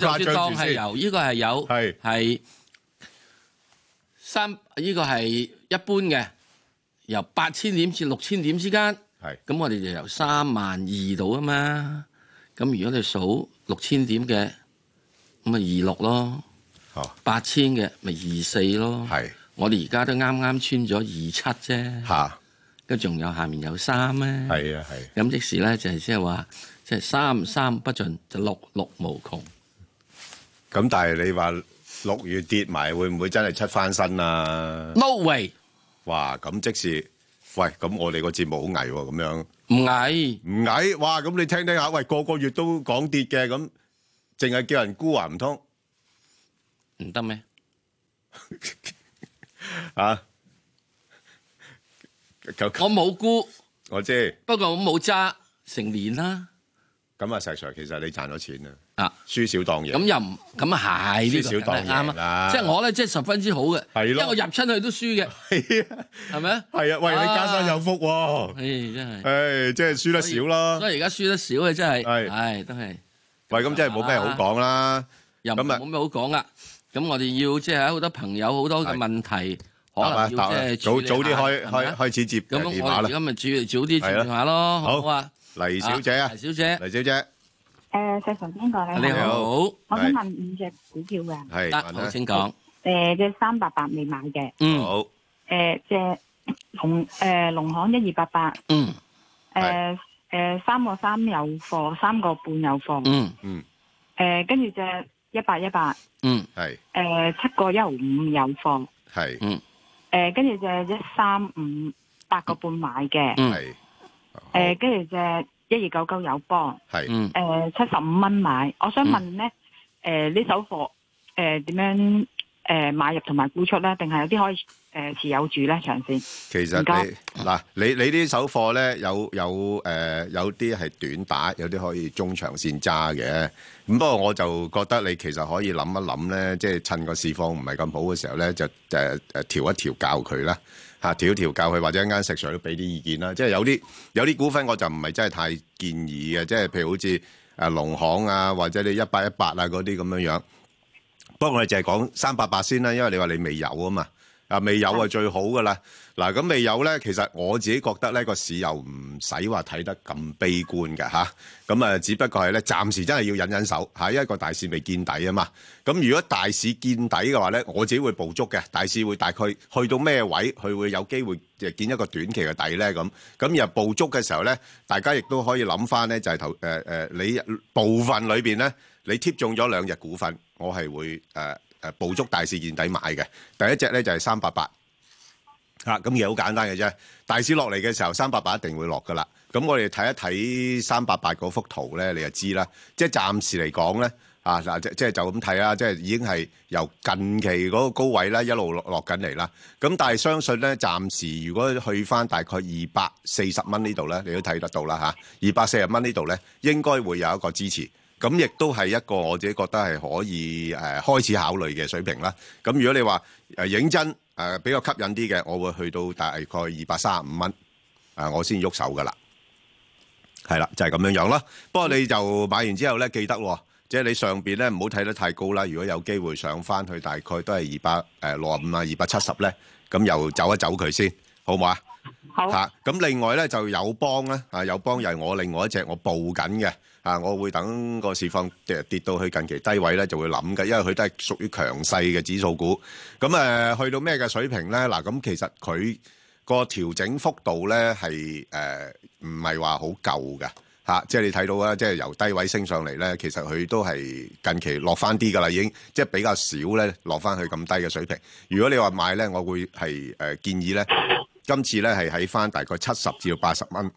就算當係由呢個係有係三呢個係一般嘅，由八千點至六千點之間，係咁我哋就由三萬二度啊嘛。咁如果你數六千點嘅，咁咪二六咯，八千嘅咪二四咯。係我哋而家都啱啱穿咗二七啫，嚇！咁仲有下面有三咩、啊？係啊係。咁即時咧就係即係話，即係三三不盡，就六六無窮。咁但係你話六月跌埋會唔會真係出翻身啊？No way！哇，咁即時喂，咁我哋個節目好矮喎，咁樣唔矮唔矮，哇！咁你聽聽下，喂，個個月都講跌嘅，咁淨係叫人估啊，唔通唔得咩？吓！我冇估，我知，不過我冇揸成年啦。咁啊，石 Sir 其實你賺咗錢啦，輸少當贏。咁又唔，咁啊係輸少當贏啦。即係我咧，即係十分之好嘅，因為我入親去都輸嘅。係啊，係咪啊？係啊，喂你家山有福喎。唉，真係。唉，即係輸得少啦。所以而家輸得少嘅真係係都係。喂，咁即係冇咩好講啦，又冇咩好講啦。咁我哋要即係好多朋友好多嘅問題，可能要早早啲開開開始接電話。咁我而家咪主要早啲接下咯，好啊。黎小姐啊，啊，黎小姐，黎小姐，誒、呃，石鏡泉邊個你好，我想問五隻股票嘅。係，你好，請講。誒，隻三八八未買嘅。嗯，好。誒、呃，隻農誒農行一二八八。嗯。誒、呃、誒，三個三有貨，三個半有貨。嗯嗯。誒，跟住隻一八一八。嗯，係、嗯。誒、呃，七個一毫五有貨。係。嗯。誒、呃，跟住隻一三五八個半買嘅。係、嗯。嗯嗯誒、啊，跟住就一二九九友邦。係，誒七十五蚊買，我想問咧，誒、嗯、呢、呃、手貨，誒、呃、點樣，誒、呃、買入同埋沽出咧，定係有啲可以，誒持有住咧長線？其實你嗱，你你呢手貨咧有有誒、呃、有啲係短打，有啲可以中長線揸嘅，咁不過我就覺得你其實可以諗一諗咧，即係趁個市況唔係咁好嘅時候咧，就誒誒調一調教佢啦。嚇調調教佢，或者一間石 Sir 都俾啲意見啦。即係有啲有啲股份，我就唔係真係太建議嘅。即係譬如好似誒農行啊，或者你一八一八啊嗰啲咁樣樣。不過我哋淨係講三百八先啦，因為你話你未有啊嘛，啊，未有啊最好噶啦。嗯嗱咁未有咧，其實我自己覺得咧個市又唔使話睇得咁悲觀嘅嚇，咁誒只不過係咧暫時真係要忍忍手嚇，因為個大市未見底啊嘛。咁如果大市見底嘅話咧，我自己會捕捉嘅。大市會大概去到咩位，佢會有機會誒見一個短期嘅底咧咁。咁入捕捉嘅時候咧，大家亦都可以諗翻咧就係頭誒誒，你部分裏邊咧你貼中咗兩隻股份，我係會誒誒捕捉大市見底買嘅。第一隻咧就係三八八。嚇，咁嘢好簡單嘅啫。大市落嚟嘅時候，三百八一定會落噶啦。咁我哋睇一睇三百八嗰幅圖咧，你就知啦。即係暫時嚟講咧，啊嗱即即係就咁睇啦。即係已經係由近期嗰個高位咧一路落落緊嚟啦。咁但係相信咧，暫時如果去翻大概二百四十蚊呢度咧，你都睇得到啦嚇。二百四十蚊呢度咧，應該會有一個支持。咁亦都係一個我自己覺得係可以誒、呃、開始考慮嘅水平啦。咁如果你話誒、啊、認真。誒，比較吸引啲嘅，我會去到大概二百三十五蚊，誒，我先喐手噶啦，係啦，就係咁樣樣啦。不過你就買完之後咧，記得，即係你上邊咧唔好睇得太高啦。如果有機會上翻去大概都係二百誒六十五啊，二百七十咧，咁又走一走佢先，好唔好啊？好吓，咁另外咧就友邦咧，啊友邦又係我另外一隻我報緊嘅。啊，我會等個市況跌跌到去近期低位咧，就會諗嘅，因為佢都係屬於強勢嘅指數股。咁、誒，去到咩嘅水平咧？嗱，咁其實佢個調整幅度咧係誒唔係話好夠嘅嚇，即係你睇到啦，即係由低位升上嚟咧，其實佢都係近期落翻啲噶啦，已經即係比較少咧落翻去咁低嘅水平。如果你話買咧，我會係誒建議咧，今次咧係喺翻大概七十至到八十蚊。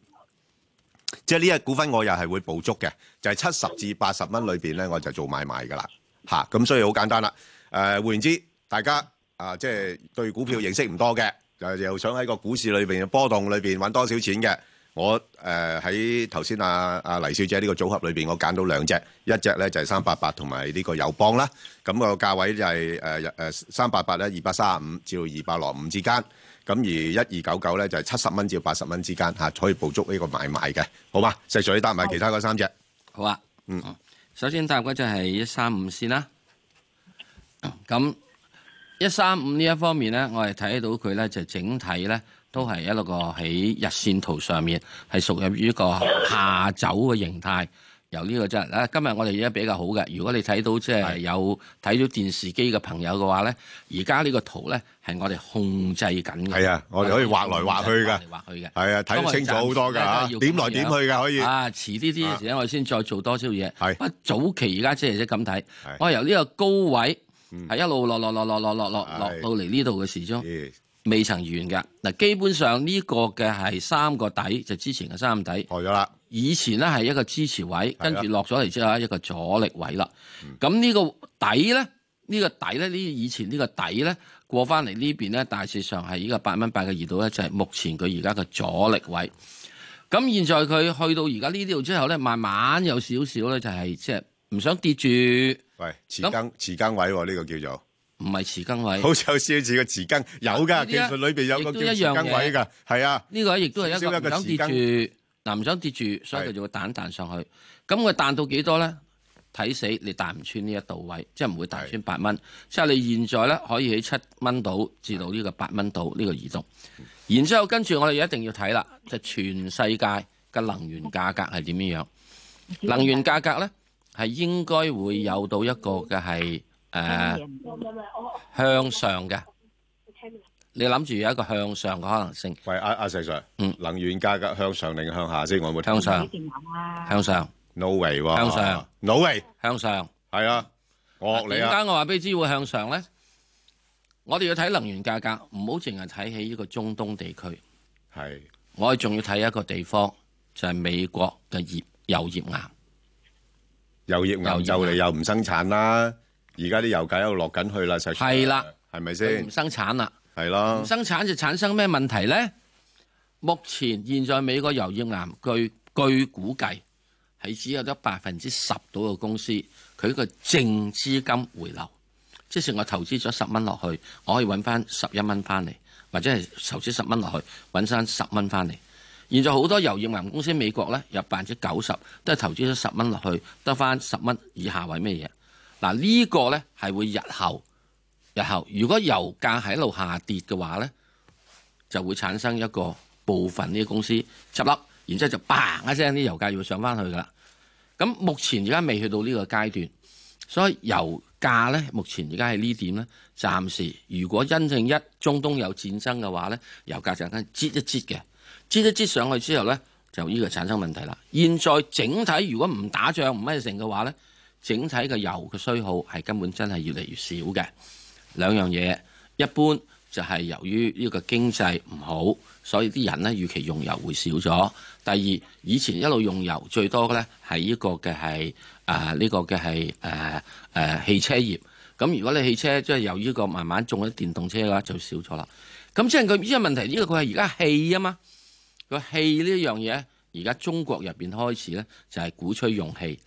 即係呢一股份我又係會補足嘅，就係七十至八十蚊裏邊咧，我就做買賣噶啦，吓、嗯、咁所以好簡單啦。誒、呃，換言之，大家啊、呃，即係對股票認識唔多嘅，又又想喺個股市裏邊嘅波動裏邊揾多少錢嘅，我誒喺頭先啊啊黎小姐呢個組合裏邊，我揀到兩隻，一隻咧就係三八八同埋呢個友邦啦，咁、那個價位就係誒誒三八八咧，二百三十五至到二百六十五之間。咁而一二九九咧，就係七十蚊至八十蚊之間吓、啊，可以捕捉呢個買賣嘅，好嘛？實際上答埋其他嗰三隻，好啊。嗯，首先答嗰隻係一三五先啦、啊。咁一三五呢一方面咧，我哋睇到佢咧就整體咧都係一個喺日綫圖上面係屬於一個下走嘅形態。由呢個真係，嗱，今日我哋而家比較好嘅。如果你睇到即係有睇到電視機嘅朋友嘅話咧，而家呢個圖咧係我哋控制緊嘅。係啊，我哋可以畫來畫去噶，畫去嘅。係啊，睇清楚好多㗎，點來點去㗎，可以。啊，遲啲啲時間我先再做多少嘢。係，不過早期而家即係即咁睇，我由呢個高位係、嗯、一路落落落落落落落落到嚟呢度嘅時鐘。未曾完嘅。嗱，基本上呢個嘅係三個底，就係、之前嘅三底破咗啦。以前咧係一個支持位，跟住落咗嚟之後一個阻力位啦。咁呢個底咧，呢、呢個底咧，呢以前呢個底咧，過翻嚟呢邊咧，大致上係呢個八蚊八嘅二度咧，就係目前佢而家嘅阻力位。咁現在佢去到而家呢度之後咧，慢慢有少少咧，就係即係唔想跌住。喂，遲更遲更位呢、啊呢個叫做。唔係匙羹位，好似有少字嘅匙羹。有噶，其實裏邊有一個叫匙羹位噶，係啊，呢、這個亦都係一個，少少一個想跌住，嗱唔想跌住，所以佢就會彈彈上去。咁佢彈到幾多咧？睇死，你彈唔穿呢一度位，即係唔會彈穿八蚊。即係你現在咧可以喺七蚊到至到呢個八蚊度呢個移動。然之後跟住我哋一定要睇啦，就是、全世界嘅能源價格係點樣？能源價格咧係應該會有到一個嘅係。誒，向上嘅，你諗住有一個向上嘅可能性。喂，阿阿石 Sir，嗯，能源價格向上定向下先？我冇聽上，向上，no way，向上，no way，向上，係啊，我你啊，點解我話俾你知會向上咧？我哋要睇能源價格，唔好淨係睇起呢個中東地區。係，我哋仲要睇一個地方，就係美國嘅頁油頁岩，油頁岩就嚟又唔生產啦。而家啲油價一路落緊去啦，就係係啦，係咪先？唔生產啦，係咯，唔生產就產生咩問題呢？目前現在美國油頁岩據據估計係只有得百分之十到嘅公司，佢個淨資金回流，即係我投資咗十蚊落去，我可以搵翻十一蚊翻嚟，或者係投資十蚊落去搵翻十蚊翻嚟。現在好多油頁岩公司美國呢有百分之九十，都係投資咗十蚊落去，得翻十蚊以下，為咩嘢？嗱、這、呢個呢係會日後日後，如果油價喺度下跌嘅話呢，就會產生一個部分呢啲公司執笠，然之後就嘭一聲啲油價要上翻去噶啦。咁目前而家未去到呢個階段，所以油價呢，目前而家喺呢點呢，暫時如果真正一中東有戰爭嘅話呢，油價就緊擠一擠嘅，擠一擠上去之後呢，就呢個產生問題啦。現在整體如果唔打仗唔咩嘢成嘅話呢。整體嘅油嘅需耗係根本真係越嚟越少嘅，兩樣嘢，一般就係由於呢個經濟唔好，所以啲人呢預期用油會少咗。第二，以前一路用油最多嘅呢係呢個嘅係啊呢、呢個嘅係誒誒汽車業。咁如果你汽車即係、即係、由呢個慢慢種咗啲電動車嘅話，就少咗啦。咁即係佢呢個問題，呢個佢係而家氣啊嘛。個氣呢樣嘢而家中國入邊開始呢，就係鼓吹用氣。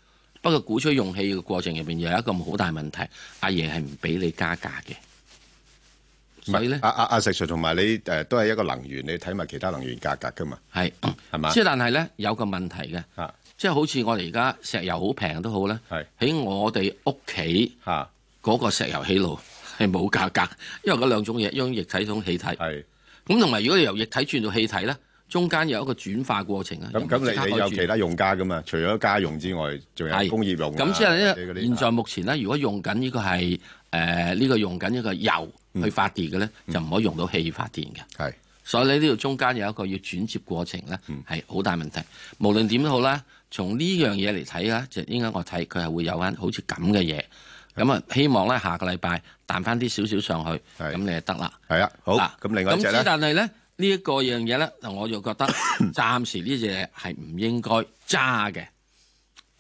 不過鼓吹用氣嘅過程入邊，有一個好大問題，阿爺係唔俾你加價嘅。所以咧，阿阿阿石 Sir 同埋你誒、呃，都係一個能源，你睇埋其他能源價格噶嘛？係係嘛？即係但係咧，有個問題嘅，啊，即係好似我哋而家石油好平都好啦，喺我哋屋企嗰個石油氣爐係冇價格，因為嗰兩種嘢，一種液體，一種氣體。係咁同埋，如果你由液體轉到氣體咧。中間有一個轉化過程啊！咁咁你，你有其他用家噶嘛？除咗家用之外，仲有工業用。咁即係咧，現在目前咧，如果用緊呢個係呢、呃呢個用緊呢個油去發電嘅咧、嗯，就唔可以用到氣發電嘅。係、嗯，所以你呢度中間有一個要轉接過程咧，係、嗯、好大問題。無論點都好啦，從呢樣嘢嚟睇咧，就應該我睇佢係會有翻好似咁嘅嘢。咁啊，希望咧下個禮拜彈翻啲少少上去，咁你就得啦。係啊，好。咁、啊、另外就係咧。呢、這、一個樣嘢咧，嗱我就覺得暫 時呢隻嘢係唔應該揸嘅，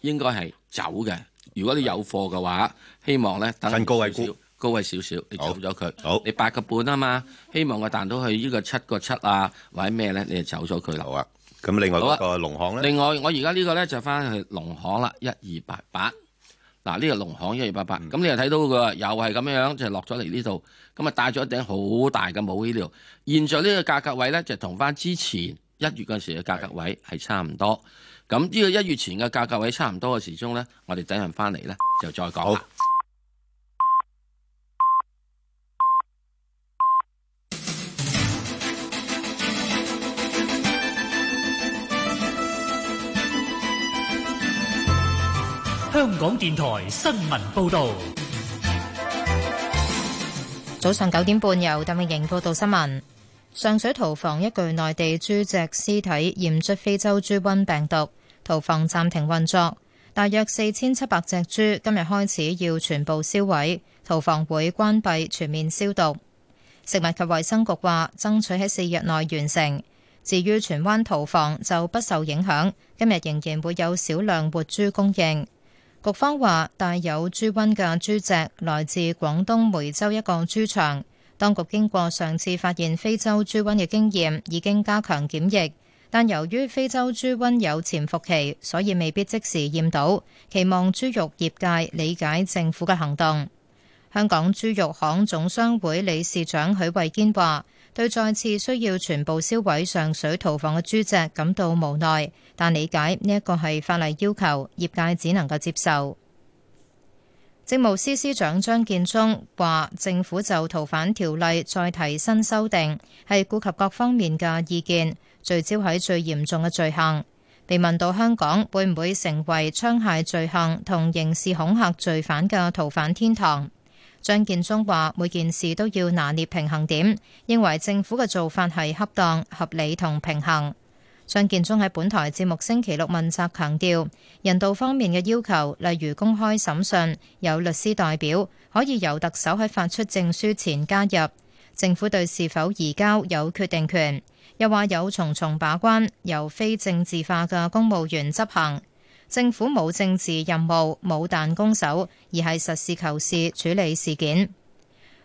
應該係走嘅。如果你有貨嘅話，希望咧等少少高位高位少少，你走咗佢。好，你八個半啊嘛，希望我彈到去呢個七個七啊，或者咩咧，你就走咗佢。好啊，咁另外一個農行咧、啊，另外我而家呢個咧就翻去農行啦，一二八八。嗱、嗯，呢個農行一二八八，咁你又睇到佢又係咁樣就落咗嚟呢度，咁啊帶咗頂好大嘅帽喺度。現在呢個價格位呢，就同翻之前一月嗰陣時嘅價格位係差唔多。咁、嗯、呢個一月前嘅價格位差唔多嘅時鐘呢，我哋等陣翻嚟呢，就再講。香港電台新聞報道，早上九點半由鄧詠瑩報道新聞。上水屠房一具內地豬隻屍體驗出非洲豬瘟病毒，屠房暫停運作，大約四千七百隻豬今日開始要全部銷毀，屠房會關閉全面消毒。食物及衛生局話爭取喺四日內完成。至於荃灣屠房就不受影響，今日仍然會有少量活豬供應。局方話：帶有豬瘟嘅豬隻來自廣東梅州一個豬場。當局經過上次發現非洲豬瘟嘅經驗，已經加強檢疫。但由於非洲豬瘟有潛伏期，所以未必即時驗到。期望豬肉業界理解政府嘅行動。香港豬肉行總商會理事長許惠堅話。對再次需要全部銷毀上水屠房嘅豬隻感到無奈，但理解呢一個係法例要求，業界只能夠接受。政務司司長張建宗話，政府就逃犯條例再提新修訂，係顧及各方面嘅意見，聚焦喺最嚴重嘅罪行。被問到香港會唔會成為槍械罪行同刑事恐嚇罪犯嘅逃犯天堂？張建宗話：每件事都要拿捏平衡點，認為政府嘅做法係恰當、合理同平衡。張建宗喺本台節目星期六問責強調，人道方面嘅要求，例如公開審訊、有律師代表，可以由特首喺發出證書前加入。政府對是否移交有決定權，又話有重重把關，由非政治化嘅公務員執行。政府冇政治任務，冇彈弓手，而係實事求是處理事件。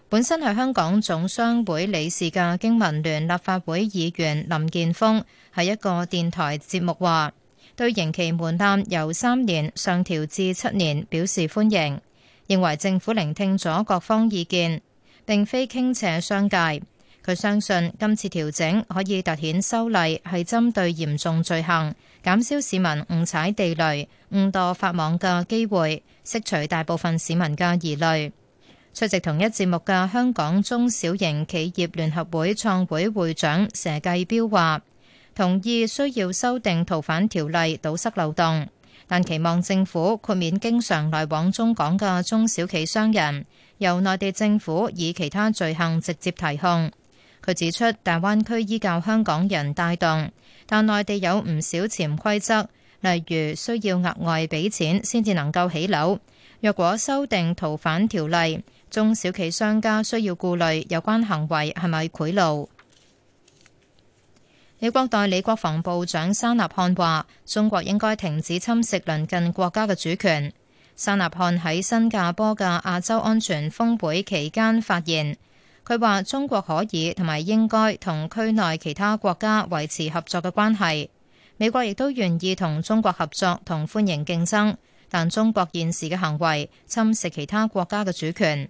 本身係香港總商會理事嘅經民聯立法會議員林健鋒喺一個電台節目話：對刑期門檻由三年上調至七年表示歡迎，認為政府聆聽咗各方意見，並非傾斜商界。佢相信今次調整可以突顯修例係針對嚴重罪行。減少市民誤踩地雷、誤墮法網嘅機會，釋除大部分市民嘅疑慮。出席同一節目嘅香港中小型企業聯合會創會會長佘繼標話：同意需要修訂逃犯條例堵塞漏洞，但期望政府豁免經常來往中港嘅中小企商人，由內地政府以其他罪行直接提控。佢指出，大灣區依靠香港人帶動。但內地有唔少潛規則，例如需要額外俾錢先至能夠起樓。若果修訂逃犯條例，中小企商家需要顧慮有關行為係咪賄賂。美國代理國防部長沙納漢話：中國應該停止侵蝕鄰近國家嘅主權。沙納漢喺新加坡嘅亞洲安全峰會期間發言。佢話：中國可以同埋應該同區內其他國家維持合作嘅關係。美國亦都願意同中國合作，同歡迎競爭，但中國現時嘅行為侵蝕其他國家嘅主權。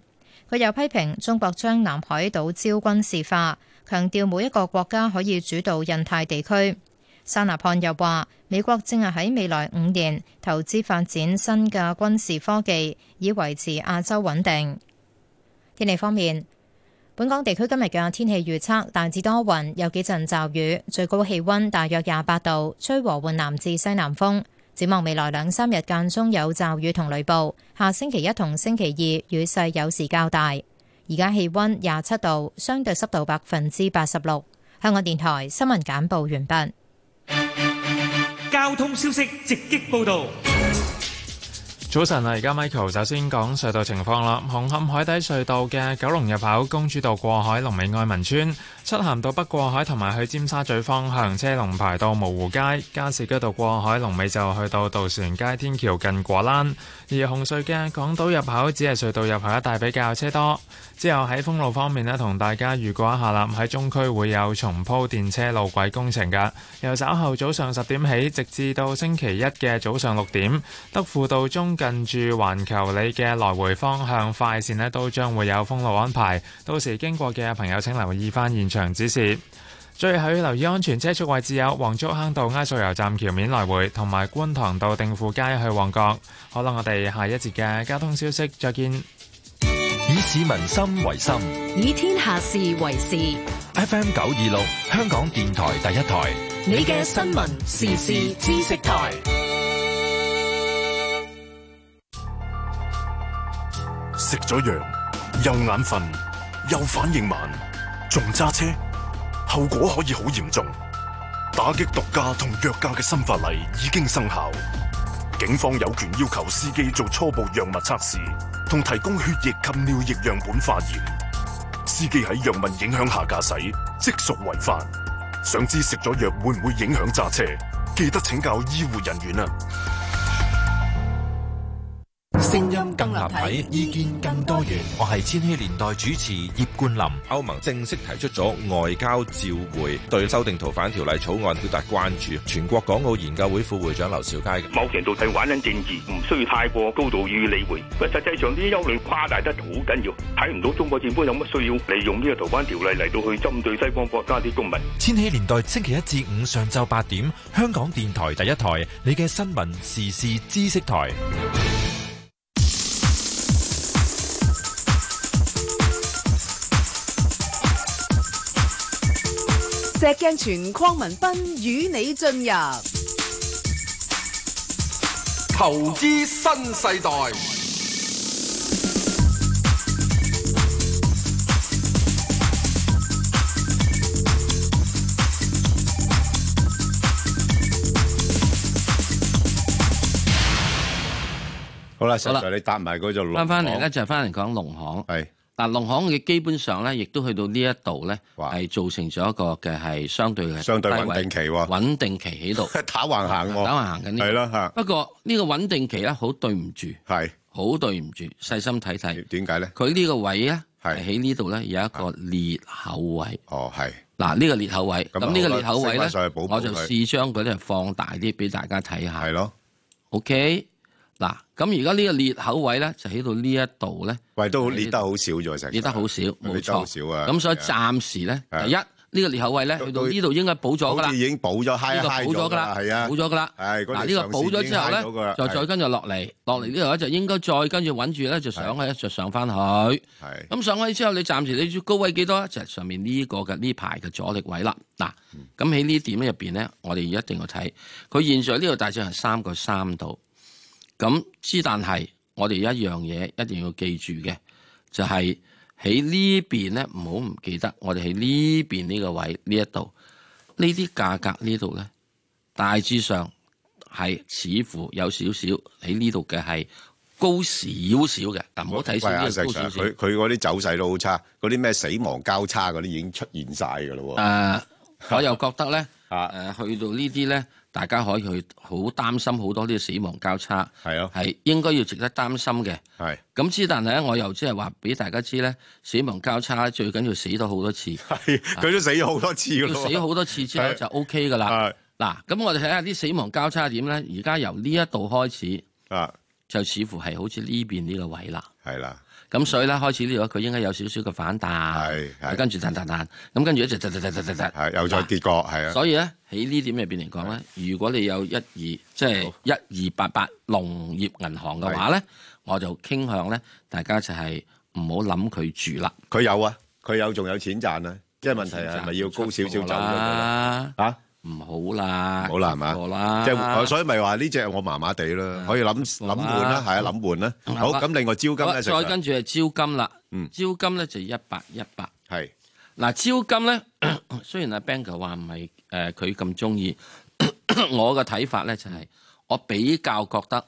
佢又批評中國將南海島礁軍事化，強調每一個國家可以主導印太地區。沙納漢又話：美國正係喺未來五年投資發展新嘅軍事科技，以維持亞洲穩定。天氣方面。本港地區今日嘅天氣預測，大致多雲，有幾陣驟雨，最高氣溫大約廿八度，吹和緩南至西南風。展望未來兩三日間中有驟雨同雷暴，下星期一同星期二雨勢有時較大。而家氣溫廿七度，相對濕度百分之八十六。香港電台新聞簡報完畢。交通消息直擊報道。早晨啊，而家 Michael 首先講隧道情況啦。紅磡海底隧道嘅九龍入口公主道過海龍尾愛民邨，漆咸道北過海同埋去尖沙咀方向，車龍排到蕪湖街加士居道過海龍尾就去到渡船街天橋近果欄。而紅隧嘅港島入口只係隧道入口一帶比較車多。之後喺封路方面呢，同大家預告一下啦。喺中區會有重鋪電車路軌工程嘅，由稍後早上十點起，直至到星期一嘅早上六點，德輔道中近住環球里嘅來回方向快線呢，都將會有封路安排。到時經過嘅朋友請留意返現場指示。最後要留意安全車速位置，有黃竹坑道埃索油站橋面來回，同埋觀塘道定富街去旺角。好啦，我哋下一節嘅交通消息，再見。市民心為心，以天下事為事。FM 九二六，香港電台第一台。你嘅新聞時事知識台。食咗藥又眼瞓，又反應慢，仲揸車，後果可以好嚴重。打擊毒駕同藥駕嘅新法例已經生效，警方有權要求司機做初步藥物測試。同提供血液及尿液樣本化驗，司機喺藥物影響下駕駛，即屬違法。想知食咗藥會唔會影響揸車？記得請教醫護人員啊！聲音更立體，意見更多元。我係千禧年代主持葉冠林。歐盟正式提出咗外交照會，對修訂逃犯條例草案表達關注。全國港澳研究會副會長劉兆佳：某程度係玩緊政治，唔需要太過高度去理會。實際上，啲憂慮誇大得好緊要，睇唔到中國政府有乜需要利用呢個逃犯條例嚟到去針對西方國家啲公民。千禧年代星期一至五上晝八點，香港電台第一台，你嘅新聞時事知識台。石鏡泉、鄺民彬與你進入投資新世代。好啦，好啦，你答埋佢就翻翻嚟咧，就翻嚟講農行係。嗱，農行嘅基本上咧，亦都去到呢一度咧，係造成咗一個嘅係相對嘅相對穩定期喎，啊，穩定期喺度打橫行，打橫行緊。係咯，嚇！不過呢個穩定期咧，好對唔住，係好對唔住。細心睇睇，點解咧？佢呢個位咧係喺呢度咧，有一個裂口位。哦，係。嗱，呢個裂口位，咁呢個裂口位咧，我就試將佢咧放大啲俾大家睇下。係咯，OK。嗱，咁而家呢個裂口位咧，就喺到呢一度咧，位都裂得好少咗，成裂得好少，冇錯。咁、啊、所以暫時咧、啊，第一呢、呢個裂口位咧，去到呢度應該補咗噶啦。已經補咗呢度啦，係、呢個、啊，補咗噶啦。係嗱、啊，呢個補咗、啊啊啊啊啊、之後咧，就、啊、再跟住落嚟，落嚟呢度咧就應該再跟住穩住咧，就上去一隻、啊、上翻去。咁、啊、上去之後，你暫時你高位幾多？就係、是、上面呢、呢個嘅呢排嘅阻力位啦。嗱、嗯，咁喺呢點入面咧，我哋一定要睇佢現在呢度大致係三個三度。咁之，但係我哋一樣嘢，一定要記住嘅，就係、是、喺呢邊咧，唔好唔記得，我哋喺呢邊呢個位呢一度，呢啲價格呢度咧，大致上係似乎有少少喺呢度嘅係高少少嘅，但唔好睇少啲。佢佢嗰啲走勢都好差，嗰啲咩死亡交叉嗰啲已經出現晒噶咯。誒、呃，我又覺得咧。 啊！誒，去到呢啲咧，大家可以去好擔心好多啲死亡交叉，係咯、啊，係應該要值得擔心嘅。係咁之，但係咧，我又即係話俾大家知咧，死亡交叉最緊要死咗好多次。係，佢、啊、都死咗好多次㗎。要死好多次之後就 O K 噶啦。嗱、啊，咁、啊、我哋睇下啲死亡交叉點咧，而家由呢一度開始，啊，就似乎係好似呢邊呢個位啦。係啦、啊。咁所以咧，開始呢度佢應該有少少嘅反彈，跟住彈彈彈，咁跟住一直彈彈彈彈彈，又再跌過，係啊。所以咧喺呢點入面嚟講咧，如果你有一二，即係一二八八農業銀行嘅話咧，我就傾向咧，大家就係唔好諗佢住啦。佢有啊，佢有仲有錢賺啊，即係問題係咪要高少少走咗啊？唔好啦，唔好啦，係嘛，即係所以咪話呢隻我麻麻地啦，可以諗諗換啦，係啊，諗換啦。好，咁另外招金咧，再跟住係招金啦。嗯，招金咧就一百一百。係嗱，招金咧，雖然阿 Bangor 話唔係誒，佢咁中意，我嘅睇法咧就係，我比較覺得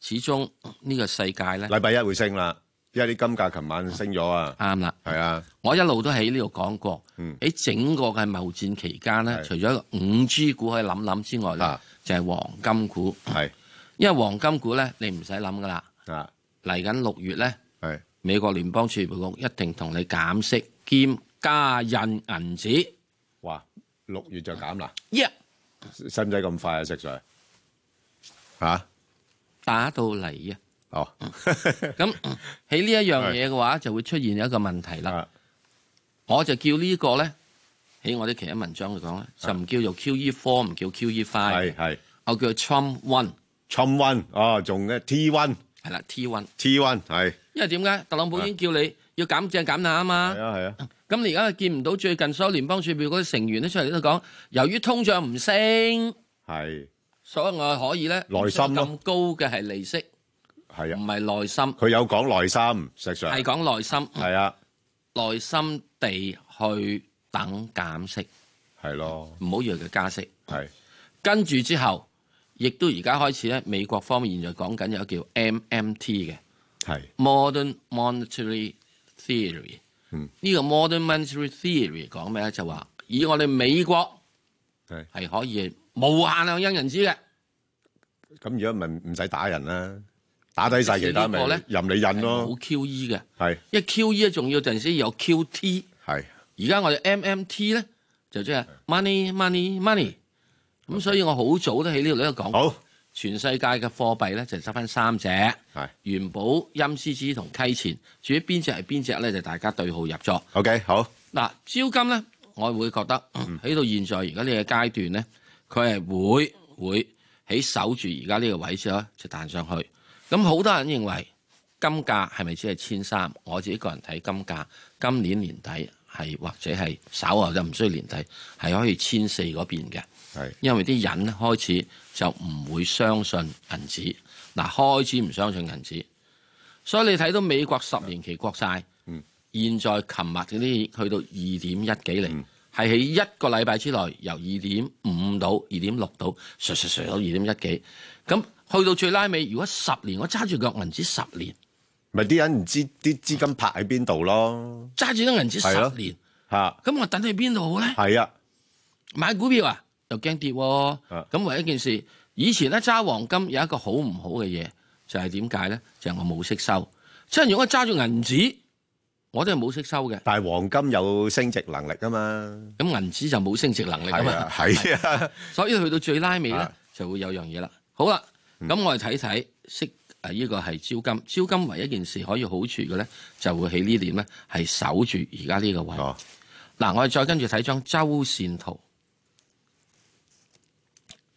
始終呢個世界咧，禮拜一會升啦。因為啲金價琴晚升咗啊！啱啦，係啊，我一路都喺呢度講過，喺整個嘅貿易戰期間咧，除咗五 G 股可以諗諗之外咧，就係黃金股。係因為黃金股咧，你唔使諗噶啦。啊！嚟緊六月咧，係美國聯邦儲備局一定同你減息兼加印銀紙。哇！六月就減啦！一，使唔使咁快啊？食晒吓，打到嚟啊！哦，咁喺呢一樣嘢嘅話，就會出現一個問題啦。我就叫呢個咧，喺我啲其他文章嚟講咧，就唔叫做 Q E four，唔叫 Q E five，係係，我叫 Trump one，Trump one，哦，仲嘅 T one 係啦，T one，T one 係，因為點解特朗普已經叫你要減借減息啊嘛？係啊係啊。咁你而家見唔到最近所有聯邦儲備嗰啲成員咧出嚟都講，由於通脹唔升，係，所以我可以咧，內心咁高嘅係利息。係啊，唔係耐心。佢有講耐心，石 Sir 係講耐心，係啊，耐心地去等減息，係咯，唔好以為佢加息，係跟住之後，亦都而家開始咧，美國方面現在講緊有叫 MMT 嘅，係 Modern Monetary Theory，嗯，呢、這個 Modern Monetary Theory 講咩咧？就話、是、以我哋美國係係可以無限量印銀紙嘅，咁如果唔係唔使打人啦。打低晒其他名，這個，任你印咯，好 Q E 嘅。係，因為 Q E 啊，仲要陣時有 Q T，係。而家我哋 M M T 咧就即係 money money money，咁、okay. 嗯，所以我好早都喺呢度喺度講，好，全世界嘅貨幣咧就執翻三隻，係，元寶、陰獅子同溪錢，至於邊隻係邊隻咧，就大家對號入座。O、okay. K，好。嗱，招金咧，我會覺得喺，嗯，到現在而家呢個階段咧，佢係會會喺守住而家呢個位置咯，就彈上去。咁好多人認為金價係咪只係千三？我自己個人睇金價，今年年底係或者係稍後就唔需要年底，係可以千四嗰邊嘅。係因為啲人開始就唔會相信銀紙，嗱，開始唔相信銀紙，所以你睇到美國十年期國債，嗯，現在琴日嗰啲去到二點一幾厘，係、嗯、喺一個禮拜之內由二點五到二點六到，隨隨隨到二點一幾，咁。去到最拉尾，如果十年我揸住個銀紙十年，咪啲人唔知啲資金泊喺邊度咯？揸住啲銀紙十年，吓，咁我等喺邊度好咧？係啊，買股票啊，又驚跌，咁唯一,一件事，以前咧揸黃金有一個好唔好嘅嘢，就係點解咧？就係、是、我冇識收，即、就、係、是、如果揸住銀紙，我都係冇識收嘅。但係黃金有升值能力啊嘛，咁銀紙就冇升值能力啊嘛，係啊，所以去到最拉尾咧，就會有樣嘢啦。好啦。咁、嗯、我哋睇睇，識誒呢個係招金，招金唯一一件事可以好處嘅咧，就會喺呢點咧，係守住而家呢個位。嗱、哦，我哋再跟住睇張周線圖，